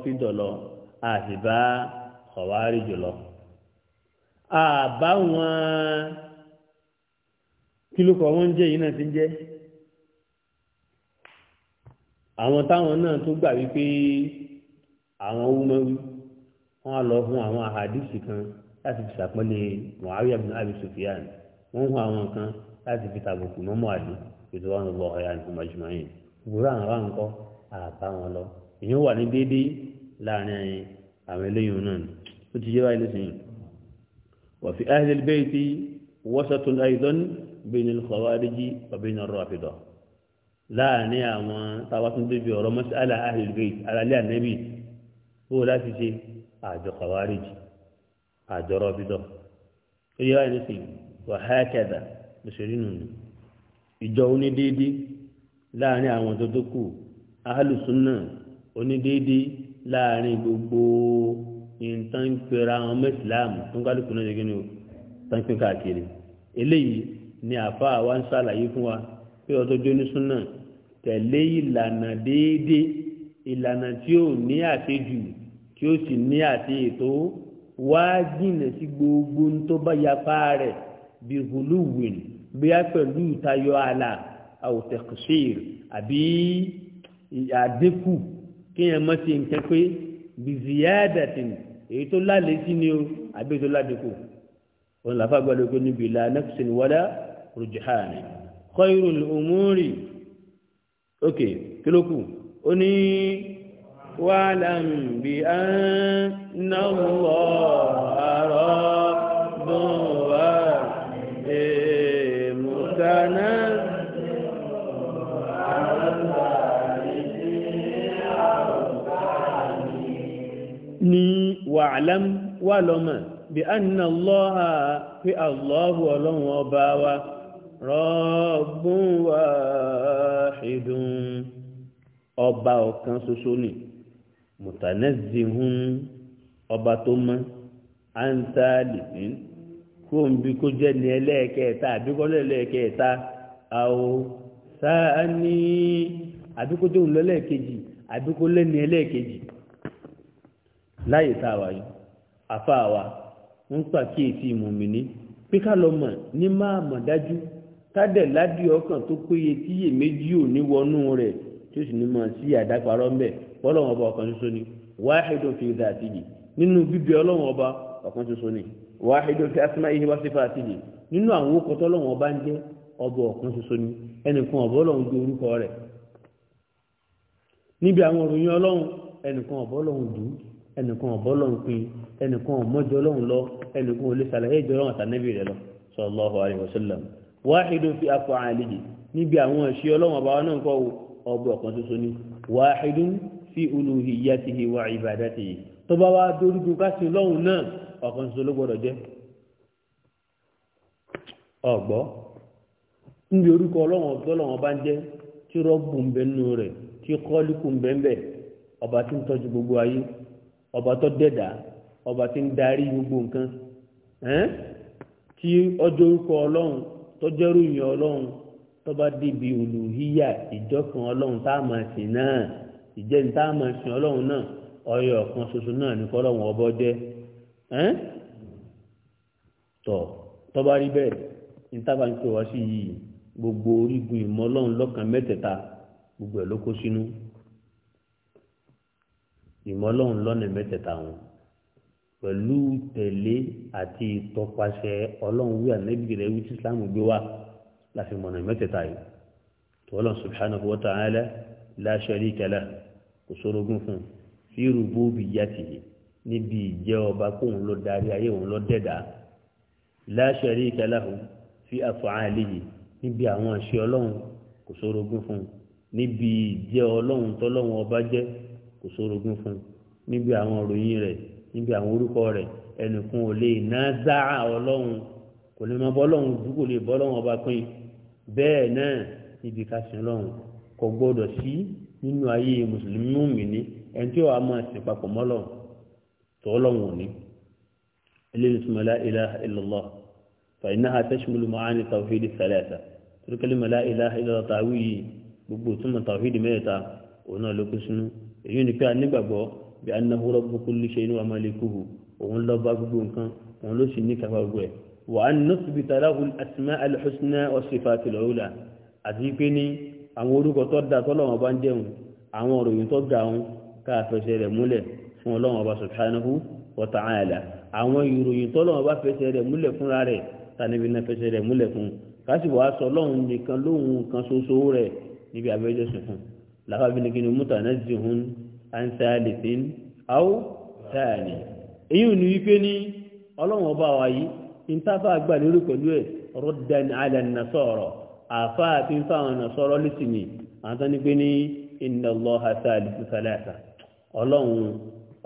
àwọn jùlọ àbá kílùkọ̀ wọn jẹ́ yìí náà ti ń jẹ́ àwọn táwọn náà tó gbà wípé àwọn wúmọ́wí wọ́n á lọ hun àwọn àhàdìsì kan láti fi sàpọ́lé muhammed abdul abi sufiyan wọ́n hun àwọn kan láti fi tàbùkù mọ́mọ́ àdé ètò wọn lọ ọ̀yà nǹkan mọ̀jùmọ́yìn gbogbo àwọn àwọn nǹkan àbá wọn lọ èyàn wà ní déédéé láàrin àwọn eléyìí náà ó ti yé báyìí lóṣìṣẹ́ wọ́n fi ahìlẹ́lẹ́bẹ́ẹ̀tì wọ́sàtún àìdán bẹ́ẹ̀ ní kọ́wárìjì ọ̀bẹ́ẹ̀ ní ọ̀rọ̀ àfidọ́ láàrin àwọn táwa tún débi ọ̀rọ̀ mọ́sálà ahìlbait alálẹ́ ànẹ́bì bó láti ṣe àjọ kàwárìjì àjọ rọ́bìdọ̀ ó yẹ wáyé nísìnyí wàhákẹ́dà òṣèré nù ìjọ onídéédé láàrin àwọn tó tó kù ahàlùsúnà onídéédé láàrin gbogbo ìtànkpera àwọn mẹ́sìlámù tó ń kálukú náà yẹ́gẹ́ ni ó tànkpé káàkiri eléyìí ni àfa wa ń ṣàlàyé fún wa pé ọtọ́jú onísúnà tẹ̀lé ìlànà déédéé ìlànà tí ó ní àṣejù tí ó sì ní àti ètò wá jìnà sí gbogbo tó bá yapa rẹ̀ bí huluwin bóyá pẹ̀lú ìtayọ àlà àwòtẹ́kùsír àbí àdínkù kéèyàn mọ́ sí nǹkan pé bìzíyàdàtìn èyí tó lálé sí ni o àbí tó ládínkù òun làfàgbọ́dọ̀ pé níbi ìlànà kùsìn wọ́dà rùjìhánì kọ́ ìrùn òmùrì ok kí ló kù ó ní wàlámbì ànáwó ọ̀rọ̀ dùn wá èèmùsánà. ní wàlám wà lọ́mọ̀ bí ànáwó ọ̀hà pé àlọ́hù ọlọ́run ọba wa rọ́ọ̀bùn wàhídùn ọba ọ̀kan ṣoṣo ni mùtánẹ́zìhún ọba tó mọ́ antaalibi kóńbi kó jẹ́ ní ẹlẹ́ẹ̀kẹta àbíkọ́lẹ̀ ẹlẹ́ẹ̀kẹta àwọ̀ sáà ní àbíkójó ń lọ́lẹ́ẹ̀kejì àbíkólẹ́ ní ẹlẹ́ẹ̀kejì láyé tá a wà yìí àfa ń pàkíyèsí ìmùmìní pé ká lọ mọ̀ ní máa mọ̀ dájú kádẹ̀ ládì ọkàn tó péye tí yè méjì ò ní wọnú rẹ̀ tí ó sì ní mọ̀ sí àdáparọ́ ńbẹ̀ bọ́lọ́wọ́n ọba ọ̀kan ṣoṣo ni wáhídùn fi ìdá àtìyì nínú bíbí ọlọ́wọ́n ọba ọ̀kan ṣoṣo ni wáhídùn fi asúná ihe wáṣífà àtìyì nínú àwọn orúkọ tọ́lọ́wọ́n ọba ń jẹ́ ọba ọ̀kan ṣoṣo ni ẹnìkan ọ̀bọ ọlọ́run ju orúkọ rẹ̀ níbi àwọn òròyìn ọlọ́run ẹnìkan ọ̀bọ ọlọ́run dùn ẹnìkan ọ̀bọ ọlọ́run pin ẹnìkan ọ̀mọ́jọ ọlọ́run lọ ẹnìkan olè sàlàyé ìjọ ọlọ́run àtànẹ́bì rẹ̀ lọ sọ ọlọ́hu àríwọ̀sọ́lẹ̀mù wáhídùn fi afọ àlejò níbi àwọn ẹ̀ṣẹ́ ọlọ́wọ́n bá wọn náà kọ́ ọgbọ̀ kan ṣoṣo ni wáhídùn fi olùhì yá ti hi wá ìbàdà ti yìí tó bá wá dórúkú káṣí lọ́hùn náà ọ̀kan ṣoṣo ló gbọ́dọ̀ jẹ́ ọ̀gbọ́ níbi orúkọ ọlọ́wọ́n tọ́lọ́wọ́n bá ń jẹ́ tí rọ́bù ń rẹ̀ tí kọ́líkù ń ọba tí ń tọ́jú gbogbo ayé ọba tó dẹ̀dá ọba tí ń darí gbogbo nǹkan tí ọjọ́ orúkọ ọlọ́run tọ́jọ́rú yẹn ọlọ́run tọ́ba débi olùhíyà ìjọkan ọlọ́run tá a máa sìn náà ìjẹun tá a máa sìn ọlọ́run náà ọyọ ọ̀kan ṣoṣo náà ní kọ́lọ́run ọbọ jẹ́ ẹ́n tọ̀ tọ́ba rí bẹ́ẹ̀ ní tábà ń pè wá sí yìí gbogbo orígun ìmọ̀ ọlọ́run lọ́kàn mẹ́tẹ̀ẹ̀ta gbogbo ẹ̀ ló kó sínú ìmọ̀ ọlọ́run lọ́nà mẹ́tẹ̀ẹ̀ta wọn pẹ̀lú tẹ̀lé àti ìtọpasẹ̀ ọlọ́run wí ànábì rẹ̀ wí tí islam gbé wá láfi mọ̀nà mẹ́tẹ̀ẹ̀ta yìí tó ọlọ́run subhanahu wa ta'ala láṣọ rí kẹlẹ́ kò sórogún fún fi rúbó bí yàtì níbi ìjẹ́ ọba kóun lọ darí ayé òun lọ dẹ̀dá láṣọ rí kẹlẹ́ fún fi àfọ̀hánilé yìí níbi àwọn àṣẹ ọlọ́run kò sórogún fún níbi ìjẹ́ ọlọ́run tọ́lọ́run ọba jẹ́ kò sórogún fún níbi àwọn òròyìn rẹ̀ níbi àwọn orúkọ rẹ̀ ẹnìkan ò lè ná záà ọlọ́run kò lè mọ bọ́lọ́run dùn kò lè bọ́lọ́run ọba pín bẹ́ẹ̀ náà níbi kásìn ọlọ́run kò gbọ́dọ̀ sí nínú ayé mùsùlùmí mùmìnì ẹni tí wàá máa sìn papọ̀ mọ́lọ̀ tó ọlọ́run ò ní. eléyìí tí mo lá ilá ìlọlọ fàyínà àtẹ́sùmùlù máa ní tàwíìdì sàlẹ́sà torí kẹ́lẹ́ mo lá ilá ìlọlọ tàwíì gbogbo túmọ̀ tàwíìdì mẹ́ta òun náà ló bí anahu rọ́bù kú lè ṣe inú amalekuhu òun lọ bá gbogbo nǹkan òun ló sì ní kápá gbogbo ẹ̀ wà á nọ́ síbi tààrà asimá alhusna ọ̀sìfà tìlọ́wùlà àti pé ní àwọn orúkọ tó da tó lọ́wọ́ bá ń jẹun àwọn òròyìn tó ga òun ká fẹsẹ̀ rẹ̀ múlẹ̀ fún ọlọ́wọ́ bá subhanahu wa ta'ala àwọn ìròyìn tó lọ́wọ́ bá fẹsẹ̀ rẹ̀ múlẹ̀ fúnra rẹ̀ tàníbi náà fẹsẹ̀ rẹ̀ múlẹ̀ fún kásìkò wá sọ lọ́hùn nìkan lóhùn kan ṣoṣo rẹ̀ níbi abẹ́jọ́sìn fún làfàbínikínni mútànásì hún ansalisin au sáàni èyí ò ní ni ní ọlọ́wọ́n ọba wa yìí ìtafà àgbà lórí pẹ̀lú ẹ̀ rọ́dàn àlànà sọ̀rọ̀ àfa àti ń fáwọn ọ̀nà sọ̀rọ̀ lẹ́sìnì àti ní pé ní iná lọ àsàlìsì sàlẹ́sà ọlọ́run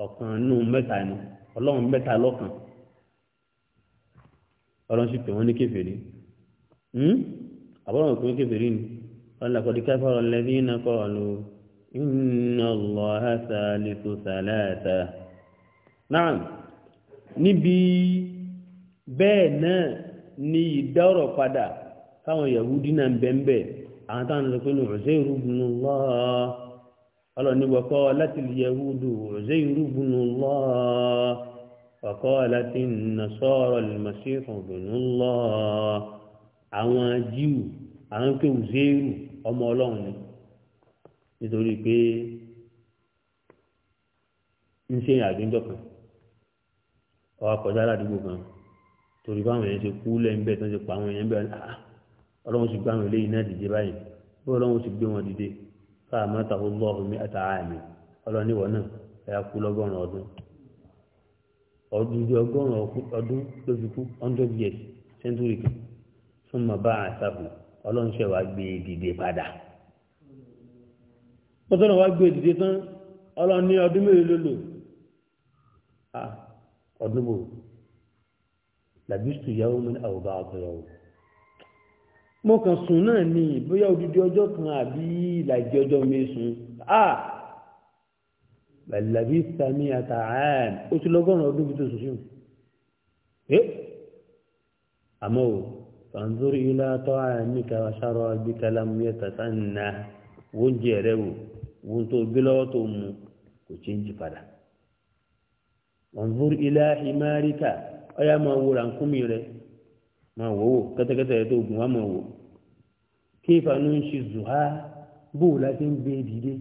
ọ̀kan nù mẹ́ta ni ọlọ́run mẹ́ta lọ́kan ọlọ́run sì pè wọ́n ní kéferì hmm? àbọ̀rọ̀ pé kéferì ni ọlọ́run kọ́ inna allaha salisu salata ni bii bee náà ni ìdárọ̀ padà fáwọn yahudi náà ń bẹ́ẹ̀ bẹ́ẹ̀ àwọn táwọn lọ pé ní ọ̀zẹ́rù bùnú lọ́ọ́ ọlọ́ni wọ́kọ́ yahudu ọ̀zẹ́rù bùnú lọ́ọ́ ọ̀kọ́ọ̀láti nàṣọ́rọ̀ lèmọ̀ṣẹ́fọ̀n nítorí pé ń ṣe àgbéjọ kan ọwọ́ akọjá ládùúgbò kan torí báwọn èèyàn ṣe kú lẹ́ńbẹ́ tó ń ṣe pa àwọn èèyàn bẹ́ẹ̀ ah ọlọ́run sì gbá àwọn eléyìí náà dìde báyìí bí ọlọ́run sì gbé wọn dìde káà má tàwọn lọ́ọ̀hún mi àtàáàmì ọlọ́run níwọ̀n náà ẹ̀yà kú lọ́gọ́rùn ọdún ọdún ọgọ́rùn ọdún ló fi kú hundred years century kan fún mọ̀ bá àṣàbù ọlọ́run ṣẹ̀wá gbé e dìde padà pọ́tọ́nà wá gbé ìdìde tán ọlọ́run ní ọdún mélòó ló lò à ọdún bò làbíṣù yàwó mi àwòbá àtọ̀yàwó mo kàn sùn náà ní bóyá odidi ọjọ́ kan àbí ìlàjì ọjọ́ mẹ́sùn à bàlàbí sami àtàán ó ti lọ́gọ́rùn-ún ọdún bí tó sùn síun ẹ wò wo tó gbé lọ́wọ́ tó mu kò chéńjì padà wànfúr ilá ìmáríkà ọyá máa wo rànkúmi rẹ máa wò wò kẹtẹkẹtẹ rẹ tó gùn wá máa wò kí ìfànú ń ṣe zùhá bóò láti ń gbé dìde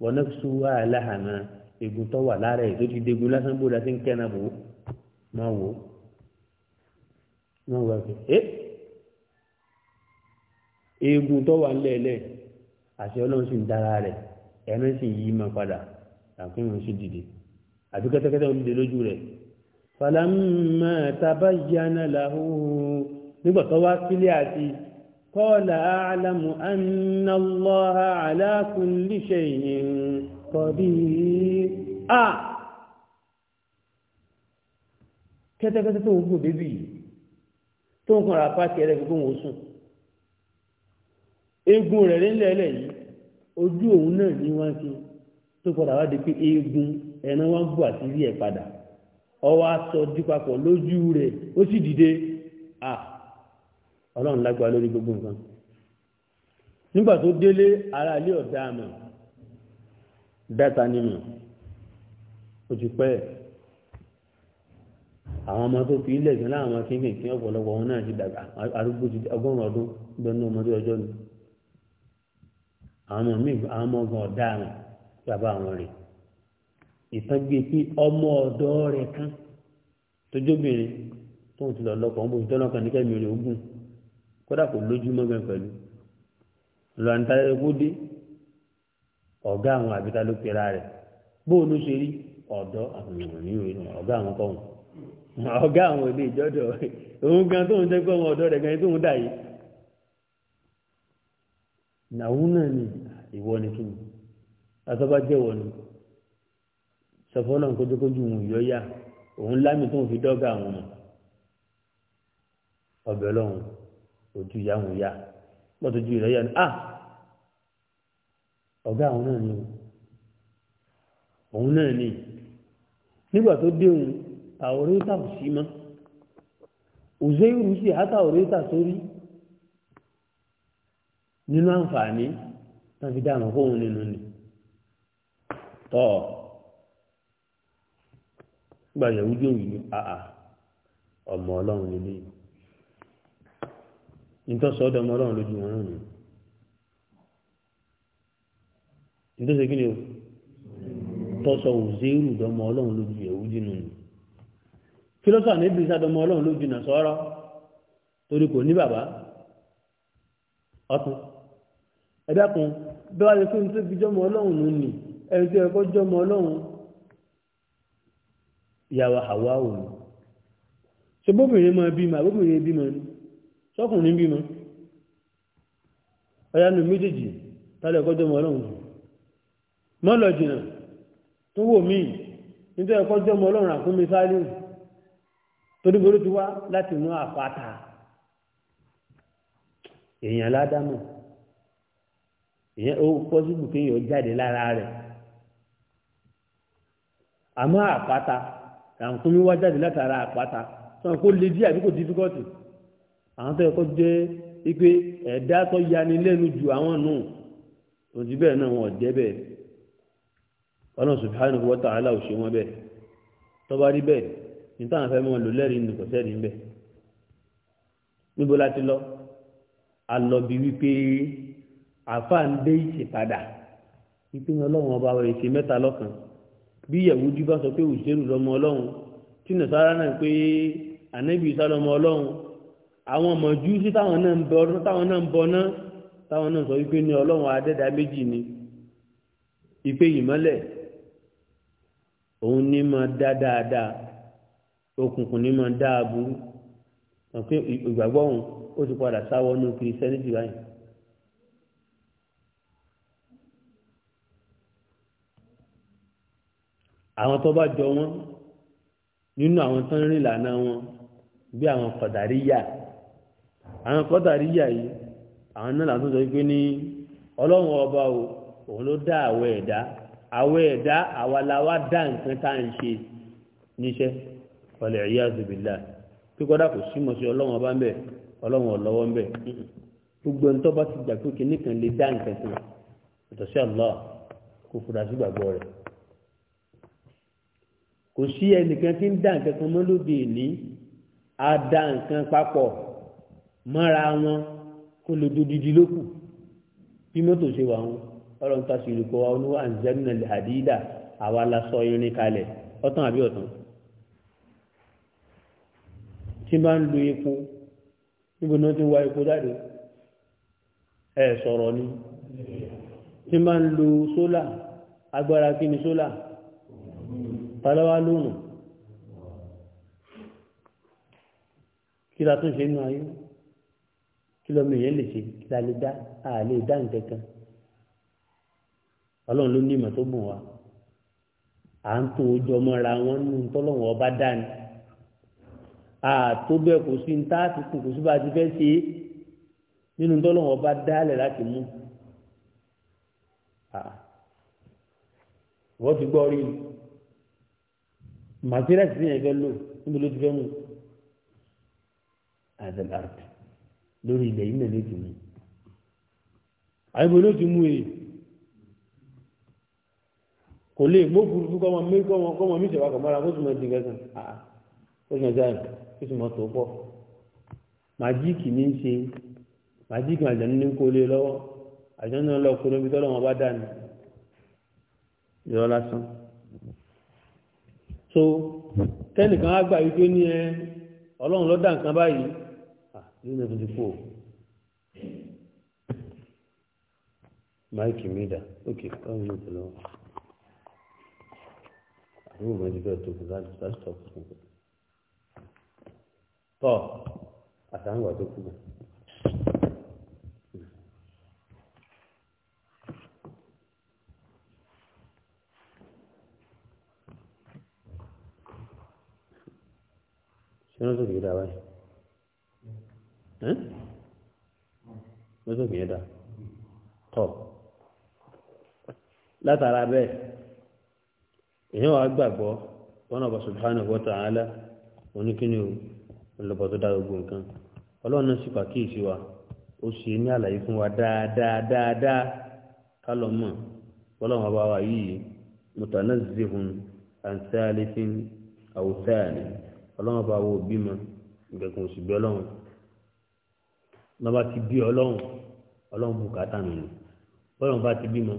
wọn náà sún wá aláhàmà egun tó wà lára ẹ tó ti dégun lásán bóò láti ń kẹ́nà bò máa wò máa wò ẹ ẹ egun tó wà ńlẹ̀ lẹ̀ àṣẹ ọlọ́run sì ń dára rẹ̀ ẹran sì yí mọ padà àfihàn sí dìde àbí kẹtẹkẹtẹ olùdè lójú rẹ falamma tabayyana lahu nígbà tó wá sílé àti kọ́ọ̀lá alamu annallaha alákùnlé ṣẹ̀yìn kọ̀bí a kẹtẹkẹtẹ tó ń gùn bébì tó ń kọ̀ra pàtì ẹ̀rẹ́ gbogbo wọn sùn egun rẹ̀ nílẹ̀ ẹlẹ́yìí ojú òun náà ni wọ́n ti tó padà wá di pé eegun ẹ̀nà wọn bù àṣírí ẹ̀ padà ọwọ́ aṣọ dípapọ̀ lójú rẹ̀ ó sì dìde à ọlọ́run lágbára lórí gbogbo nǹkan nígbà tó délé ara ilé ọ̀dà àmọ̀ bẹ́ta nínú ojú pẹ́ àwọn ọmọ tó fi ilẹ̀ gan láwọn kéékèèké ọ̀pọ̀lọpọ̀ wọn náà ti dàgbà arúgbó ti ọgọ́rùn-ún ọdún gbẹ́nu ọmọdé ọjọ́ ni. àwọn ọmọ mi àwọn ọmọ ọgbọn ọdaràn bàbá àwọn rè ìtàn gbé ọmọ ọdọ rẹ kan tójóbìnrin tóun ti lọ lọkọ ọmọ òṣìṣẹ́ lọkàn ní ogun kódà kò lójú mọ́gàn pẹ̀lú lọ́nìtàlẹ́gbọ́dé ọ̀gá àwọn àbíta ló pera rẹ̀ ló ṣe rí ọ̀dọ́ àwọn ní ọ̀gá àwọn nàwú náà ni ìwọ ni kí ni asọ́ba jẹ́wọ́ ni sọfọ́nà kójókójú òun yọ yá òun lámì tó ń fi dọ́gà àwọn ọmọ ọbẹ̀ lọ́hùn ojú ìyá òun yá pọ́tò ju ìrẹ́yà ni ah ọ̀gá àwọn náà ni òun náà ni nígbà tó dé òun àwòrán ìtàkùn sí mọ́ òzé irú sí àtàwòrán ìtàkùn sórí nínú àǹfààní tán fi dáàmà fóun nínú ni tọ́ gbà yẹ̀wú jò wí ní àà ọmọ ọlọ́run nílé nítọ́sọ́dọ̀ ọmọ ọlọ́run lójú wọn náà ni nítọ́sọ kí ni o tọ́sọ òzéèrù dọmọ ọlọ́run lójú yẹ̀wú dínú ni kí ló sọ àní ọlọ́run lójú nà sọ́rọ́ torí kò ní bàbá ọtún ẹ̀dàkùn bí wá lè fún tó fi jọmọ ọlọ́run ló nì ẹni tó ẹ̀kọ́ jọmọ ọlọ́run ìyàwó àwa ò ní ṣe bóbìnrin máa bímọ àbóbìnrin bímọ ni sọkùnrin bímọ ọ̀yá nu méjèèjì tálẹ̀ ẹ̀kọ́ jọmọ ọlọ́run jù mọ́ lọ jìnnà tó wò míì nítorí ẹ̀kọ́ jọmọ ọlọ́run àkúnmi sáré torí bolo ti wá láti mú àpáta èèyàn ládámọ̀ ìyẹn ó pọ́sibù kéèyàn jáde lára rẹ̀ àmọ́ àpáta kàǹkúmí wá jáde látara àpáta sọ̀rọ̀ kó le díẹ̀ àbí kò dífíkọ́tì àwọn tó yẹ kó jẹ́ ipe ẹ̀dá tó yani lẹ́nu ju àwọn nù òjì bẹ́ẹ̀ náà wọn ò jẹ́ bẹ́ẹ̀ ọlọ́run subhanahu wa ta'ala ò ṣe wọn bẹ́ẹ̀ tọ́ba rí bẹ́ẹ̀ ní táwọn afẹ́ lò lẹ́rìí nù kò ń bẹ́ẹ̀ níbo la ti lọ alọ́bi wípé àfa ń dé ìṣèpadà ìpín ọlọ́run ọba rẹ̀ ṣe mẹ́ta lọ́kan bí yẹ̀wújú bá sọ pé òṣèlú lọmọ ọlọ́run tí nàìjíríà náà pé ànábì ìsálọmọ ọlọ́run àwọn mọ̀jú sí táwọn náà ń bọ ọdún táwọn náà ń bọ náà táwọn náà sọ wípé ní ọlọ́run adẹ́dá méjì ni ìpè ìmọ́lẹ̀ òun ní máa dá dáadáa òkùnkùn ní máa dá aburú ìgbàgbọ́ òun ó ti padà sáwọ́ ní kìrìsẹ́nìtì báyìí àwọn tó bá jọ wọn nínú àwọn tó ń rìn lànà wọn bí àwọn kọ̀dàríyà àwọn kọ̀dàríyà yìí àwọn náà làtún sọ pé ní ọlọ́run ọba o òun ló dá àwọ̀ ẹ̀dá àwọ̀ ẹ̀dá àwa la wá dá nǹkan tá à ń ṣe níṣẹ́ ọ̀lẹ̀ ẹ̀yà zùbìlà kíkọ́dà kò símọ̀ sí ọlọ́run ọba ń bẹ̀ ọlọ́run ọ̀lọ́wọ́ ń bẹ̀ gbogbo ń tọ́ba ti gbà pé kìnnìkan lè dá nǹkan sí ìtọ́sí àlọ́ kò fura sí gbàgbọ́ rẹ̀ kò sí ẹnìkan tí ń dá nǹkan kan mọ́ lóde ìní á dá nǹkan papọ̀ mọ́ra wọn kó lè dodidi lókù bí mọ́tò ṣe wà wọn ọlọ́run ta sí olùkọ́ wa oníwà àǹzẹ́nà àdídà àwa la sọ irin kalẹ̀ ọ̀tàn àbí ọ̀tàn tí bá ń lo epo níbo ni wọ́n ti ń wa epo jáde ẹ sọ̀rọ̀ ni tí bá ń lo sólà agbára kí ni sólà tálọ́wá lónà kí la tó ṣe nínú ayé kí lọ́mọ èèyàn lè ṣe kí la lè dá àlè dá nǹkan kan ọlọ́run ló ní ìmọ̀ tó bùn wá à ń tó ojú ọmọ ra wọn nù tọ́lọ́wọ́n ọba dání àtó bẹ́ẹ̀ kò sí ntá ti kù kò sí bá a ti fẹ́ ṣe é nínú tọ́lọ́wọ́n ọba dálẹ̀ láti mú wọ́n ti gbọ́ rí i materials ti yẹn fẹ́ lò níbi ló ti fẹ́ mú azal art lórí ilẹ̀ yìí nàlẹ́ ti mú àyẹ̀bọ̀ ló ti mú e kò lè mú burúkú kọ́mọ mi kọ́mọ kọ́mọ mi ṣèwà kọ́mọ́ra kó sì mọ di gẹ́gàn kó sì mọ sáyẹn kó sì mọ tó pọ̀ màjíìkì ní í ṣe màjíìkì àjọ ní kó lé lọ́wọ́ àjọ náà lọ kó lóbi tọ́lọ́mọ bá dà ní ìrọ́ lásán. so kẹ́nìkan á gbà wípé ní ẹ ọlọ́run lọ́dà nǹkan báyìí ah ti máìkì mídà tẹ̀lé wọn àbúrò ti fẹ́ tó láti láti tọ́ tọ́ tó ṣé ló sòkè dá báyìí ló sòkè dá tọ látara bẹ́ẹ̀ èyàn wàá gbàgbọ́ wọn náà bá subhana wa ta'ala oníkíni olùbọ̀ tó dá gbogbo nǹkan ọlọ́run náà sì pàkíyèsí wa ó ṣe ní àlàyé fún wa dáadáa dáadáa ká lọ mọ̀ ọlọ́run ọba wa yìí mutanazihun ansalifin awusani ọlọ́run bá wo bímọ ìgbẹ̀kùn òsì bí ọlọ́run lọ́ba ti bí ọlọ́run ọlọ́run bùkátà nù ní bọ́lọ́run bá ti bímọ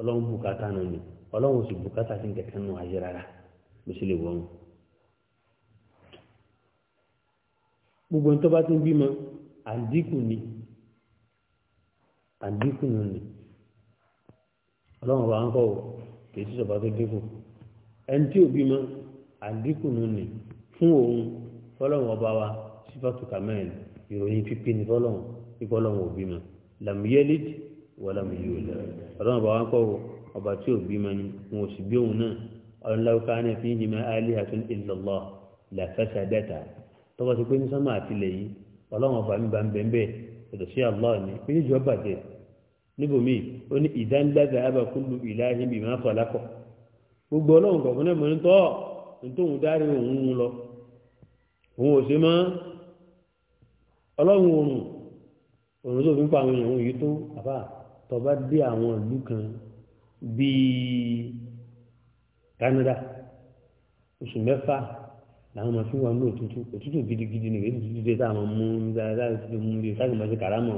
ọlọ́run bùkátà nù ní ọlọ́run òsì bùkátà sí kẹ̀kẹ́ nù ayé rárá bó ṣe lè wọ́n. gbogbo ní tó bá ti ń bímọ àdínkù ni àdínkù nù ní ọlọ́run bá ń kọ́ kì í sí sọ̀bá tó dínkù ẹni tí ò bímọ àdínkù nù ní fún òun fọlọ́run ọba wa sífàtù kamẹ́ẹ̀n ìròyìn pípé ní fọlọ́run fífọlọ́run òbí mọ làmúyẹ́lì wà làmúyẹ́ òlẹ̀ ọlọ́run ọba wa ń kọ́ ọba tí òbí mọ ni wọn ò sì bí òun náà ọlọ́run káwọn fi ń yìnbọn alẹ́ àtún ìlọ́lọ́ làfẹ́sà dẹ́ta tọ́kọ́ ti pé ní sọ́mà àtìlẹ̀ yìí ọlọ́run ọba mi bá ń bẹ́ẹ̀ ọ̀dọ̀ sí allah nítòhun dárí òun ń lọ òun ò ṣe mọ́ ọlọ́run oòrùn òun tó fi ń pa àwọn èèyàn yìí tó àbá tọba dé àwọn ìlú kan bíi canada oṣù mẹ́fà làwọn máa fi wà ní òtútù òtútù gidigidi nìkan ètò òtútù dé táwọn mú ní dáadáa òtútù mú ní sáàkì máa ṣe kàrámọ̀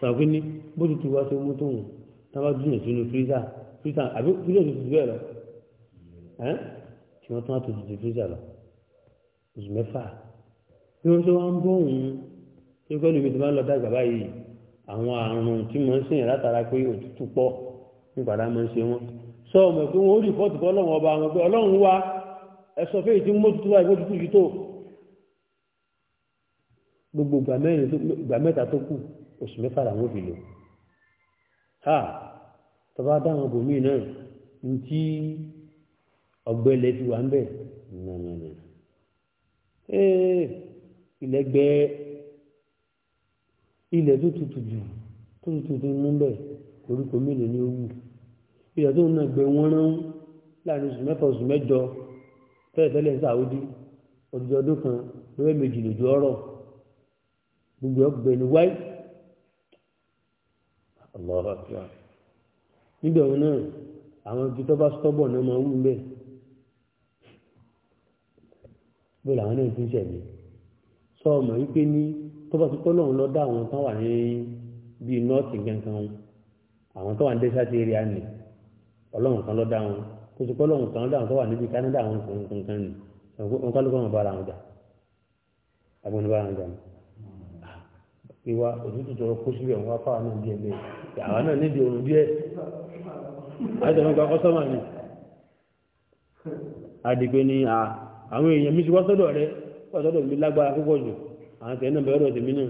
sọ̀rọ̀ ní bó ti tu wá sí mọ́tò wọn táwọn dúnyàn sínú fírísà fírísà àbí fírísà tó ti bẹ́ẹ̀ lọ tí wọ́n tún wá tuntun ti fírísà lọ oṣù mẹ́fà bí wọ́n tó wá ń bọ̀ òun tí pẹ́lú ibi tó bá ń lọ dàgbà báyìí àwọn àrùn tí mo ń sìn látara pé òtútù pọ̀ nígbàdá máa ń ṣe wọn sọ ọmọ pé wọn ó rìpọ́tù bọ́ ọlọ́run ọba àwọn pé ọlọ́run wá ẹ̀sọ́ fẹ́ ìdí mú tuntun báyìí mú tuntun yìí tó gbogbo ìgbà mẹ́ta tó kù oṣù mẹ́fà làwọn òbí lò ha tọ́ba dáhùn bòmíì náà ntí ọgbẹ́ ilẹ̀ ti wà ń bẹ̀ nànànà ee ilẹ̀ gbẹ ilẹ̀ tó tutù jù tó tutù tó mú bẹ̀ koríko mélòó ni ó wù ilẹ̀ tó nà gbẹ wọ́n rán láàrin oṣù mẹ́fà oṣù mẹ́jọ tẹ́lẹ̀tẹ́lẹ̀ ń sàwọ́dí ọdún ọdún kan lọ́wọ́ méjì lójú ọ̀rọ̀ gbogbo ọgbẹ́ ni wáyé ọlọ́ọ̀rọ̀ nígbà wọn náà àwọn ibi tó bá sọ́bọ̀ náà máa wù bẹ́ẹ̀. bóyá àwọn náà ti ń ṣẹ̀mí sọ ọmọ wípé ní tó bá ti kọ́ lóun lọ́dọ̀ àwọn tán wà ní bíi nọ́ọ̀tì gangan àwọn tó wà ní dẹ́sẹ̀tì èrìà nì ọlọ́run kan lọ́dọ̀ àwọn tó ti kọ́ lóun kan lọ́dọ̀ àwọn tó wà níbi kánádà àwọn kankan nì wọn kọ́ lóun bá ara wọn jà àbọ̀n bá ara wọn jà ní. ìwà òtútù tọrọ kó sílẹ̀ wọn fáwọn náà díẹ̀ bẹ́ẹ̀ àwọn náà nídìí òrùn díẹ̀ àjọyọ̀ gba kọ́sọ́mà ni àdìgbé ni à àwọn èèyàn mi ti wá sọ́dọ̀ rẹ wá sọ́dọ̀ mi lágbára púpọ̀ jù àwọn tẹ̀yìn náà bẹ̀rẹ̀ tèmi náà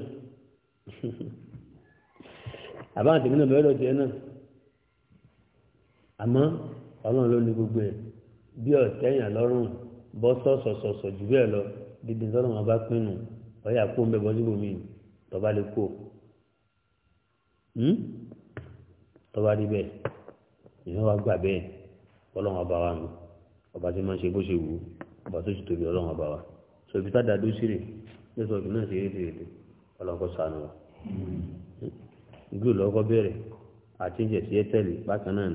àbáwọn tèmi náà (laughs) bẹ̀rẹ̀ tẹ̀yìn náà àmọ́ ọlọ́run ló ní gbogbo ẹ̀ bí ọ̀tẹ́yìn lọ́rùn bọ́ sọ̀sọ̀sọ̀sọ̀ jù bẹ́ẹ̀ lọ dídì sọ́dọ̀ wọn bá pinnu ọ̀yà kó ń bẹ bọ́ síbòmí tọ́ba lè kó hmm? tọ́ba rí bẹ́ẹ̀ ìyẹn wá gbà bẹ́ẹ̀ ọlọ́run ọba wa ọba tí máa ń ṣe bó ṣe wù ú ọba tó ti tóbi ọlọ́run ọba wa sọ ibi táda dó sí rè nẹ́tíwọ́ọ̀kì náà ṣe é ṣe ètò ọlọ́kọ sànù wa gúù lọ́kọ́ bẹ̀rẹ̀ àti ìjẹ̀sí ẹ̀tẹ̀lì bákan náà